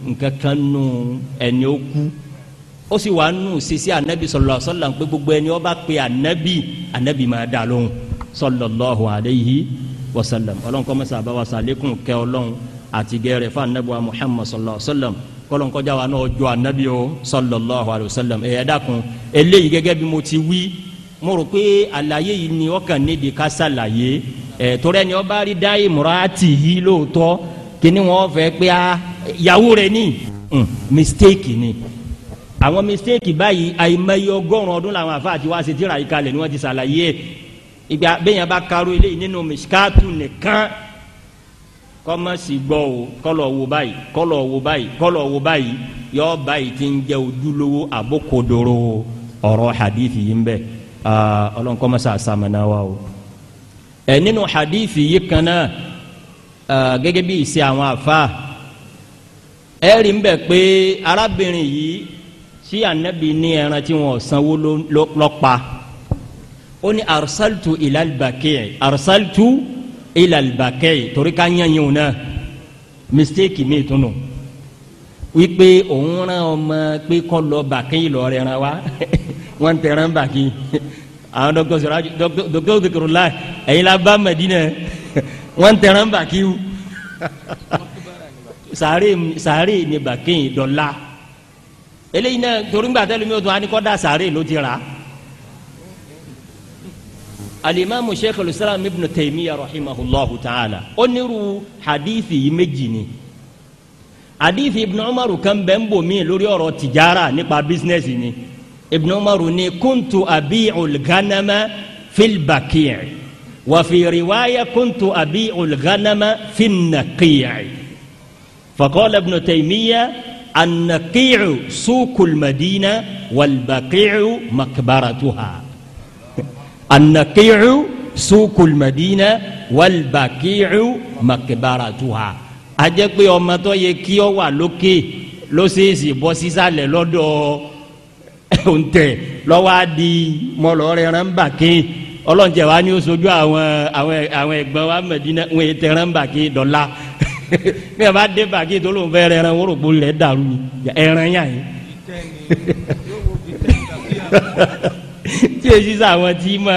A: nǹkan kan nù ẹni ó kú ó sì wàá nù sisi anabi sallallahu alaihi wasallam pé gbogbo ẹni ó bá pe anabi anabi máa dá lóhùn sallallahu alaihi wasallam ọlọ́run kọ́ mọ́sá àbáwá sàlékún kẹ́ ọlọ́run àti fún anabi wa muhammad sallallahu alaihi wasallam kọ́lọ́n kọjá wa náà jọ anabi o sallallahu alaihi wasallam ẹ̀yà dákun eléyìí gẹ́gẹ́ bí mo ti wí mo rò pé àlàyé yìí ni ọkàn níbi ká sàlàyé ẹ̀ torẹ́ ni ó bá rí dá ìmúratì yìí lóòótọ́ kí ni wọ́n fẹ́ a yàwó rẹ̀ ni hmm, mistake ni àwọn mistake báyìí àìmọye ọgọ́rùn ọdún làwọn àfáà ti wá ṣe tíra yìí kalẹ̀ ni wọ́n ti ṣàlàyé ìgbà béèyàn bá karo eléyìí nínú mishkatu nìkan kọ́mọ̀sì gbọ́ o kọ́lọ̀ wo báyìí kọ́lọ̀ wo báyìí kọ́lọ̀ wo báyìí yọ báyìí ti ń jẹ́ ojúlówó àbókodoro ọ̀rọ̀ hadith yìí ń bẹ ọlọ́run kọ́mọ̀sì àsàmánà wa o. ẹ nínú hadith yìí kan náà gẹ́gẹ́ bí ìṣe àwọn àfáà ẹ̀rí ń bẹ pé arábìnrin yìí Si anabi ní ẹran tí wọn sanwó lọ́pa ó ní arsaltu ilalbakẹ́ arsaltu ilalbakẹ́ torí ká yẹn yẹn náà mistake mi tún nù wípé òun rán ọmọ pé kọ́ lọ bàkẹ́ ìlọrin ran wa <laughs> wọ́n ń tẹ̀ràn bàkẹ́ àwọn dọ́kítọ̀ sọ̀rọ̀ dọ́kítọ̀ la ẹ̀yin la bá mẹ̀dínà <laughs> wọ́n ń tẹ̀ràn bàkẹ́ o sàárè sàárè ní bàkẹ́ yìí dọ́là eléyìí náà torí ńgbà tẹ́lu mi ò tún wá ní kọ́ da sàárè ló ti rà á. alimami sheikh al-islam ibn taymiya rahimahullahu ta'ala oniru hadithi yi méjì ni hadithi ibn umaru kan bɛ ń bò mí lórí ɔrɔ tijara nípa business ni ibn umaru ni kuntu abi ghanama fil baqi' wa fi riwaya kuntu abi ghanama fin naqi' fa qala ibn taymiya. النقيع سوق المدينة والبقيع مقبرتها النقيع سوق المدينة والبقيع مقبرتها ajẹ́ pé ọmọ tó yẹ kí ọ wà lókè ló ṣeéṣì bọ́ sísàlẹ̀ lọ́dọ̀ òǹtẹ̀ lọ́wọ́ á di mọ́lọ́ rẹ̀ ránbà ké ọlọ́njẹ̀ wa ni ó sojú àwọn àwọn ẹ̀gbọ́n wa Mẹ̀dínà wọn ètè ránbà ké bí <laughs> a bá dé bàgé tó lóun fẹ́ rẹ ẹran wọ́n rò pé olè dàrú ni ẹran yà yín. <laughs> tí èyí sàwọn tí mọ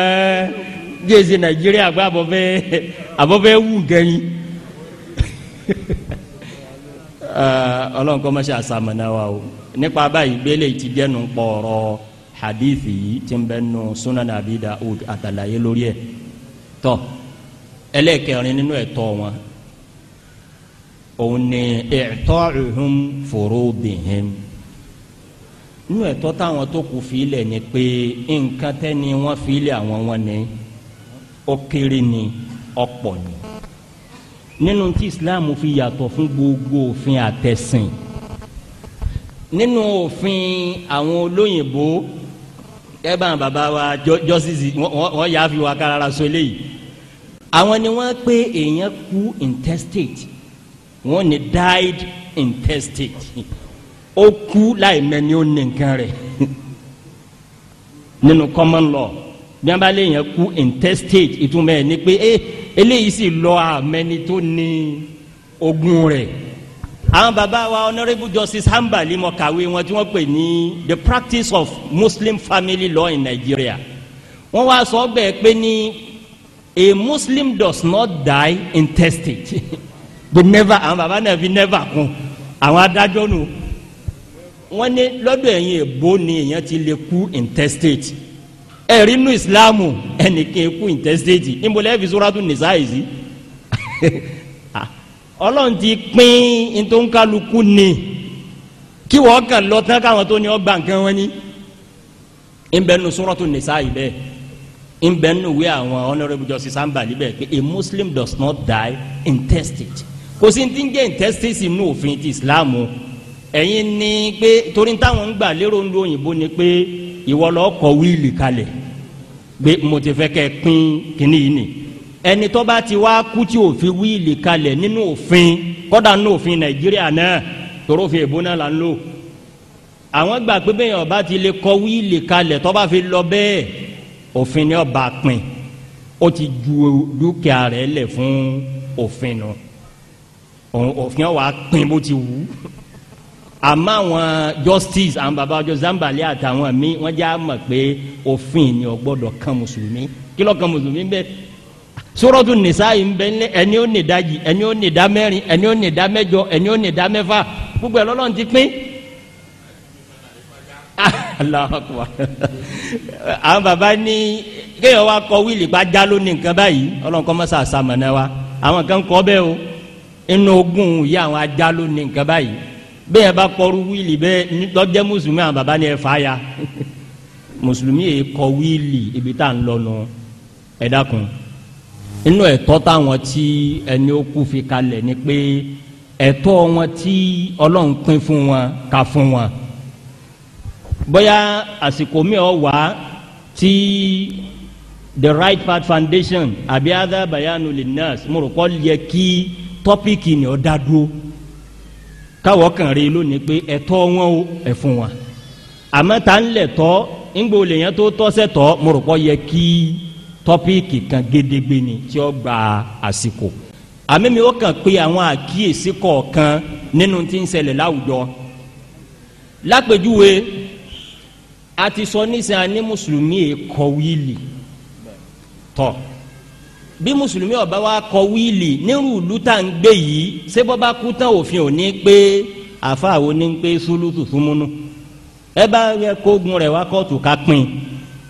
A: tí èyí nàìjíríà gbọ́ àbọ̀fẹ́ àbọ̀fẹ́ wù gẹ́yìn. <laughs> Ah, ọlọ́run kọ́ mọ́ṣẹ́ àṣàmọ̀nà wa o nípa báyìí gbélé ti dẹnu pọ̀ hadithi yìí tí ń bẹ sunan abi daud àtàlàyé lórí ẹ̀ tọ́ ẹlẹ́ẹ̀kẹrin nínú ẹ̀tọ́ wọn òun ni i'ta'uhum furudihim inú ẹ̀tọ́ táwọn tó kù fílẹ̀ ni pé nǹkan tẹ́ni wọ́n fílẹ̀ àwọn wọn ni ó kéré ni ọ̀pọ̀ ni nínú tí Islam fi yàtọ̀ fún gbogbo òfin àtẹ̀sìn nínú òfin àwọn olóyìnbó ẹ bàbá wa jọ́sìsì wọ́n yà á fi wà kára so eléyìí àwọn ni wọ́n pé èèyàn kú intestate wọ́n ní died intestate ó kú láì mẹ́ni ó ní nǹkan rẹ̀ <laughs> nínú common law bí wọ́n bá lè yẹn kú intestate ìtumọ̀ ẹ̀ ni pé ẹ eh, eléyìí sì lọ àmẹ́ni tó ní ogún rẹ̀ àwọn baba wa honourable justice Hambali mo kàwé wọn tí wọ́n pè ní the practice of Muslim family law in Nigeria wọ́n wá sọ bẹ́ẹ̀ pé ní a Muslim does not die intestate. <laughs> the never àwọn baba náà fi never kún àwọn adájọ́ nù wọ́n ní lọ́dọ̀ ẹ̀yin èbó ni èèyàn ti lè kú intestate ẹ̀rí inú ìsìláàmù ẹnìkan kú intestate níbo lẹ́ẹ̀fi sóràtún nìsá yìí sí <laughs> ọlọ́run ti pín ntòǹkálukú ni kí wọ́n kàn lọ tán káwọn tó ní ọgbà nǹkan wọn ni nbẹ́nu sóràtún nìsá yìí bẹ́ẹ̀ nbẹ́nu wí àwọn honourable justice Ambali bẹ́ẹ̀ pé a Muslim does not die intestate kò sí ti ń jẹ́ injustice inú òfin ti islam ẹ̀yin ni pé torí táwọn ń gbà lérò ń lo òyìnbó ni pé ìwọ lọ kọ wíìlì kalẹ̀ pé mo ti fẹ́ kẹ́ pín kínní yìí ni ẹni tó bá ti wá kú tí òfin wíìlì kalẹ̀ nínú òfin kọ́dà nínú òfin nàìjíríà náà tòrò òfin èbó náà là ń lò àwọn gbà pé bẹ́ẹ̀ ọba ti lè kọ wíìlì kalẹ̀ tó bá fi lọ bẹ́ẹ̀ òfin ni ọba pin ó ti ju dúkìá rẹ̀ lẹ̀ fún òfin náà òfin wa pin bó ti wù àmọ́ àwọn justice àwọn baba ọjọ́ àtàwọn míì wọ́n já mọ̀ pé òfin ni ó gbọ́dọ̀ kan mùsùlùmí kí ló kan mùsùlùmí bẹ́ẹ̀ sórọ́tù nìsa yìí ń bẹ ní ẹni ó ní ìdajì ẹni ó ní ìdá mẹ́rin ẹni ó ní ìdá mẹ́jọ ẹni ó ní ìdá mẹ́fà gbogbo ẹ̀ lọ́lọ́run ti pín. <laughs> àwọn baba ní kéèyàn wa kọ wíìlì pa já lónìí nǹkan báyìí ọlọ́run kọ́ mọ́sá àsàmọ̀nà wa àwọn kan kọ́ bẹ́ẹ̀ o inú ogún ìyá àwọn ajá ló ní nǹkan báyìí bẹ́ẹ̀ yẹn bá kọrú wíìlì bẹ́ẹ̀ lọ́jẹ́ mùsùlùmí àwọn bàbá ni ẹ fà á ya <laughs> mùsùlùmí yìí kọ wíìlì ibi tá à ń lọ nù ẹ dákun inú ẹ̀tọ́ táwọn tí ẹni ó kú fi kalẹ̀ ni pé ẹ̀tọ́ wọn tí Ọlọ́run pín fún wọn ká fún wọn bóyá àsìkò mi ọ wá tí the right path foundation àbí adá bayanu linnas mo rò kọ́ yẹ kí tọ́píìkì ni ọ dá dúró káwọ́ kàn rí lónìí pé ẹ̀tọ́ wọn o ẹ̀ fún wọn àmọ́ ta ń lẹ̀ tọ́ ńgbò lèyàn tó tọ́sẹ̀ tọ́ mo rò pọ̀ yẹ kí tọ́píìkì kan gédégbé ni tí ó gba àsìkò àmì mi ó kàn pé àwọn àkíyèsí kọ̀ọ̀kan nínú tí ń ṣẹlẹ̀ láwùjọ lápèjúwe a ti sọ nísìnyí a ní mùsùlùmí èkó wíìlì tọ́ bí mùsùlùmí ó bá wa kọ wíìlì nírú ìlú tá à ń gbé yìí ṣé bọ́ bá kú tán òfin ò ní pé àfa àwọn ní pé sùlùtù súnmúnú ẹ bá yẹ kógun rẹ̀ wá kóòtù ká pín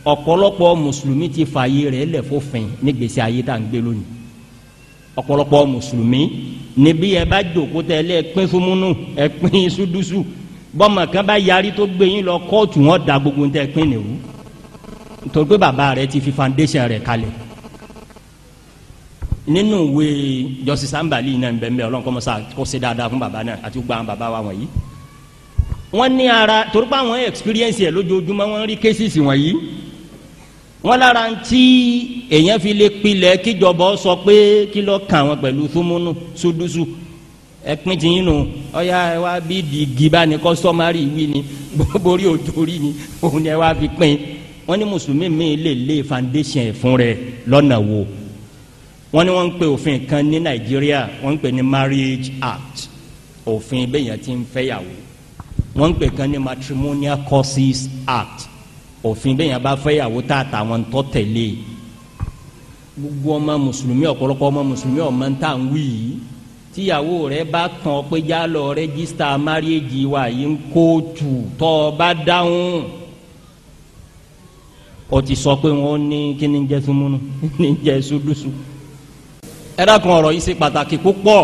A: ọ̀pọ̀lọpọ̀ mùsùlùmí ti fààyè rẹ̀ lẹ̀ fòfin nígbèsè ayé tá à ń gbé lónìí ọ̀pọ̀lọpọ̀ mùsùlùmí níbi ẹ bá jòkó tẹ ẹ pín súnmúnú ẹ pín sùdúsù bọ́mọ kan bá yarí tó gbé yín lọ kóòtù wọn da gbogbo ń tẹ pín nìwú nítorí pé bàbá rẹ̀ ti fi foundation rẹ̀ kalẹ̀ nínú ìwé jọ́sí sábàlì náà bẹ́ẹ̀ ọlọ́run kọ́ mọ́sá kó ṣe dáadáa fún bàbá náà àti gbàǹ bàbá wa wọ̀nyí. wọ́n ní ara torí pé àwọn experience yẹn lójoojúmọ́ wọ́n rí cases wọ̀nyí. wọ́n lára ń tí èèyàn fi lè pilẹ̀ kíjọba sọ pé kí lọ́ọ́ kàn wọ́n pẹ̀lú súnmúnú sódúsù ẹpin ti yín nu ọyá ẹ wá bí dìgì bá ní kọ́sọ́márì wí ni <laughs> borí òjòrí ni òun ni ẹ wá fi pín in wọ́n ní mùsùlùmí mi lè lé foundation ẹ̀ fún rẹ̀ lọ́nà wo wọ́n ní wọ́n ń pè òfin kan ní nàìjíríà wọ́n ń pè ní marriage act òfin bẹ́yẹn ti ń fẹ́yàwó wọ́n ń pè kan ní matrimonial causes act òfin bẹ́yẹn bá fẹ́yàwó tá àtàwọn tó tẹ̀lé gbogbo ọmọ mùsùlùmí ọ̀pọ̀lọpọ̀ ọmọ mùsùlùmí ọmọ ń tà ń wí yìí tíyàwó rẹ bá kàn ọ́ pé já lọ rẹ́gísítà wa yìí ń kóòtù tọ́ ọ bá dáhùn ó ti sọ pé wọ́n ní kí ni jẹ́ súnmọ́nù <laughs> kí ni jẹ́ súdùsù ẹ dákun ọ̀rọ̀ yìí ṣe pàtàkì púpọ̀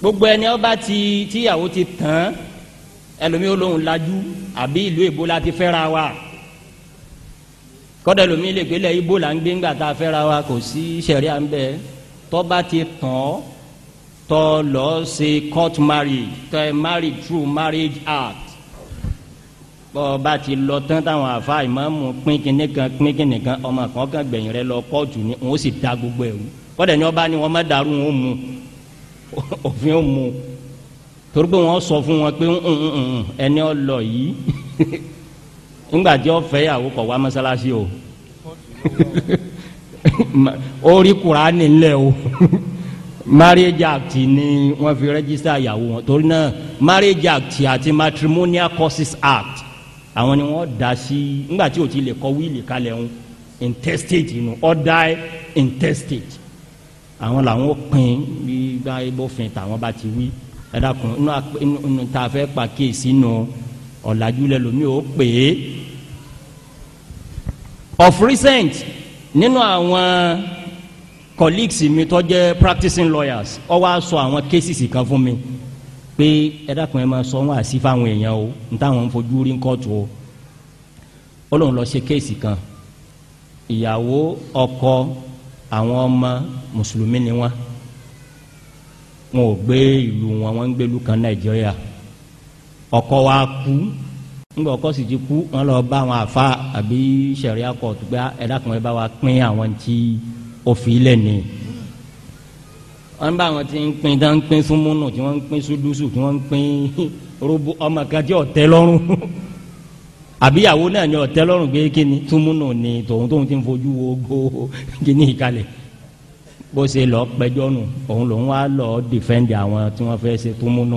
A: gbogbo ẹni ọba ti tíyàwó ti tán ẹlòmíì olóhùn lajú àbí ìlú èbó la ti fẹ́ra wa kọ́dà ẹlòmíì lè gbélé ibo là ń gbé ńgbà tá a fẹ́ra wa kò sí ṣẹ̀ríà ń bẹ tọ́ba ti tán tọ́ lọ ṣe court marriage tọ́ ẹ marry through marriage act bọ́ọ̀ba ti lọ tán táwọn àfa ìmáàmù pín kínní kan pín kínní kan ọmọ kan kan gbẹ̀yìn rẹ lọ kóòtù ni òun sì da gbogbo ẹ̀rù kọ́dẹ̀ ni wọ́n bá ní wọ́n má dàrú wọn mú òfin ó mú torí pé wọ́n sọ fún wọn pé ẹni ọ lọ yìí ńgbàdí <laughs> ọ̀fẹ́ yàwó kọ̀ wá mọ́sálásí o <laughs> orí kuraani ńlẹ̀ o <laughs> marriage act ni wọ́n fi rẹ́gísítà yàwó wọn torí náà marriage act àti matrimonial causes act àwọn ni wọ́n dá sí ńgbà tí o ti lè kọ wíìlì kalẹ̀ ń intestate nù ọ̀dà intestate àwọn làwọn pin bí bá bófin tàwọn bá ti wí ẹ dákun inú tá a fẹ́ pa kéèsì nù ọ̀làjú lẹ lómi ò pè é of recent nínú àwọn colleagues mi tó jẹ́ practicing lawyers ọ wá sọ àwọn cases kan fún mi pé ẹ dákun ẹ máa sọ wọn àti fáwọn èèyàn o n táwọn ń fojú rí kóòtù o ó lóun lọ ṣe kéèsì kan ìyàwó ọkọ àwọn ọmọ mùsùlùmí ni wọn wọn ò gbé ìlú wọn wọn ń gbélu kan nàìjíríà ọkọ wa kú ńgbà ọkọ sì ti kú wọn lọ bá àwọn àfa àbí sẹríà kọọtù gbá ẹdá kan bá wa pín àwọn tí òfin lẹ ní wọn bá àwọn tí ń pín dá ń pín súnmúnù tí wọn ń pín súdúsù tí wọn ń pín rúbù ọmọ kan tí ọtẹ lọ́rùn <laughs> àbíyàwó náà ni ọ̀tẹ́ lọ́rùn gbé kíni túmúnù ni tòun tóun ti ń fojú wo gbó kíni ìkalẹ̀ bó ṣe lọ pẹjọ́ nù òun lòun wá lọ dìfẹ́ǹdì àwọn tí wọ́n fẹ́ ṣe túmúnù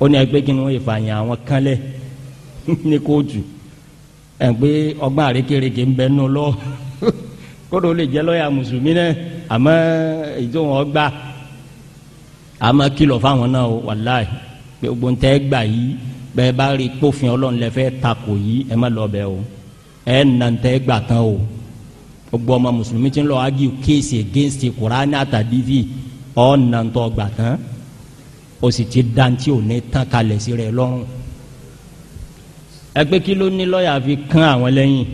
A: ó ní ẹgbẹ́ kíni wọ́n ìfàyàn àwọn kánlẹ̀ <laughs> ní kóòtù ẹgbẹ́ ọgbà àrékèrèké ń bẹ nù lọ <laughs> kódò lè jẹ́ lọ́ọ̀yà mùsùlùmí náà àmọ́ ìjọ wọn gbà àmọ́ kìlọ̀ fáwọn náà wàláì gbogbo ń tẹ́ gbà yìí bẹ́ẹ̀ bá rí kófin ọlọ́run lẹ fẹ́ takò yìí ẹ má lọ bẹ́ẹ̀ o ẹ nàntẹ́ gbà tán o gbogbo ọmọ mùsùlùmí ti ń lọ ági kéèsì against kùránì àtàdífì ọ nàntọ́ gbà tán o sì ti dantí ò ní tán kalẹ̀ sí rẹ lọ́rùn ẹgbẹ́ kí ló ní lọ́ọ̀yà fi kán àwọn lẹ́yìn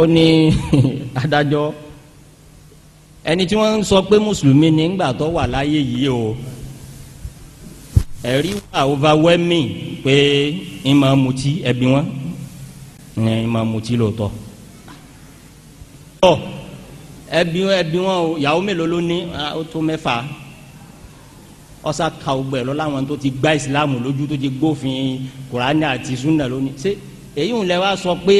A: ó ní <laughs> adájọ́ ẹni tí wọ́n ń sọ pé mùsùlùmí ni ńgbà tó wà láyé yìí o ẹ̀rí wà overwhelming pé ń máa mutí ẹbí wọn ní ń máa mutí lóòótọ́. ẹbí ẹbí wọn o yàwó mélòó ló ní ó tó mẹ́fà ọ̀sà ka ọgbẹ́ lọ láwọn tó ti gba ìsìláàmù lójú tó ti gbófin kùránì àti súnà lónìí ṣé èyí ń lẹ wá sọ pé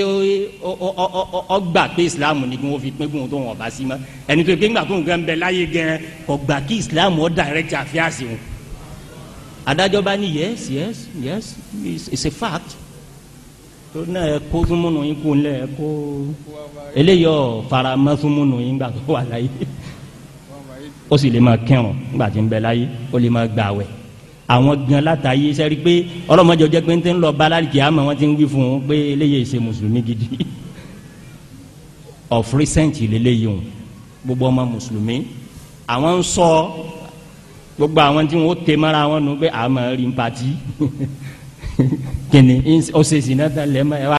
A: ọ gbà pé ìsìláàmù ni kí wọ́n fi pín gbóhùn tó wọn ọba sí mọ́ ẹni tó gbé ńgbà tó ń gbẹ́ ń láyé gan kò kí ìsìláàmù ọ̀ dàrẹ́tì àfíàsì wọn adájọ́ bá ní yes yes yes it's a fact tó náà ẹ kó súnmùnù yín kó lẹ kó eléyìí fara mọ́ súnmùnù yín gbà tó wà láyé ó sì lè máa kírun nígbà tí ń bẹ láyé ó lè máa gbààwẹ̀ àwọn gan látàyè sẹ́rí pé ọlọ́mọdé ọjọ́ pé ń tẹ́ ń lọ balárìkì àmọ́ wọ́n ti ń wí fún un pé eléyìí ṣe mùsùlùmí gidi of recent lélẹ́yìí o gbogbo ọmọ mùsùlùmí àwọn ń sọ gbogbo àwọn tí wọn ó tẹ mara wọn nù pé àmọ́ rí n pati kìnìún ọ̀sẹ̀ sìnà tán lẹ́mọ̀ ẹ̀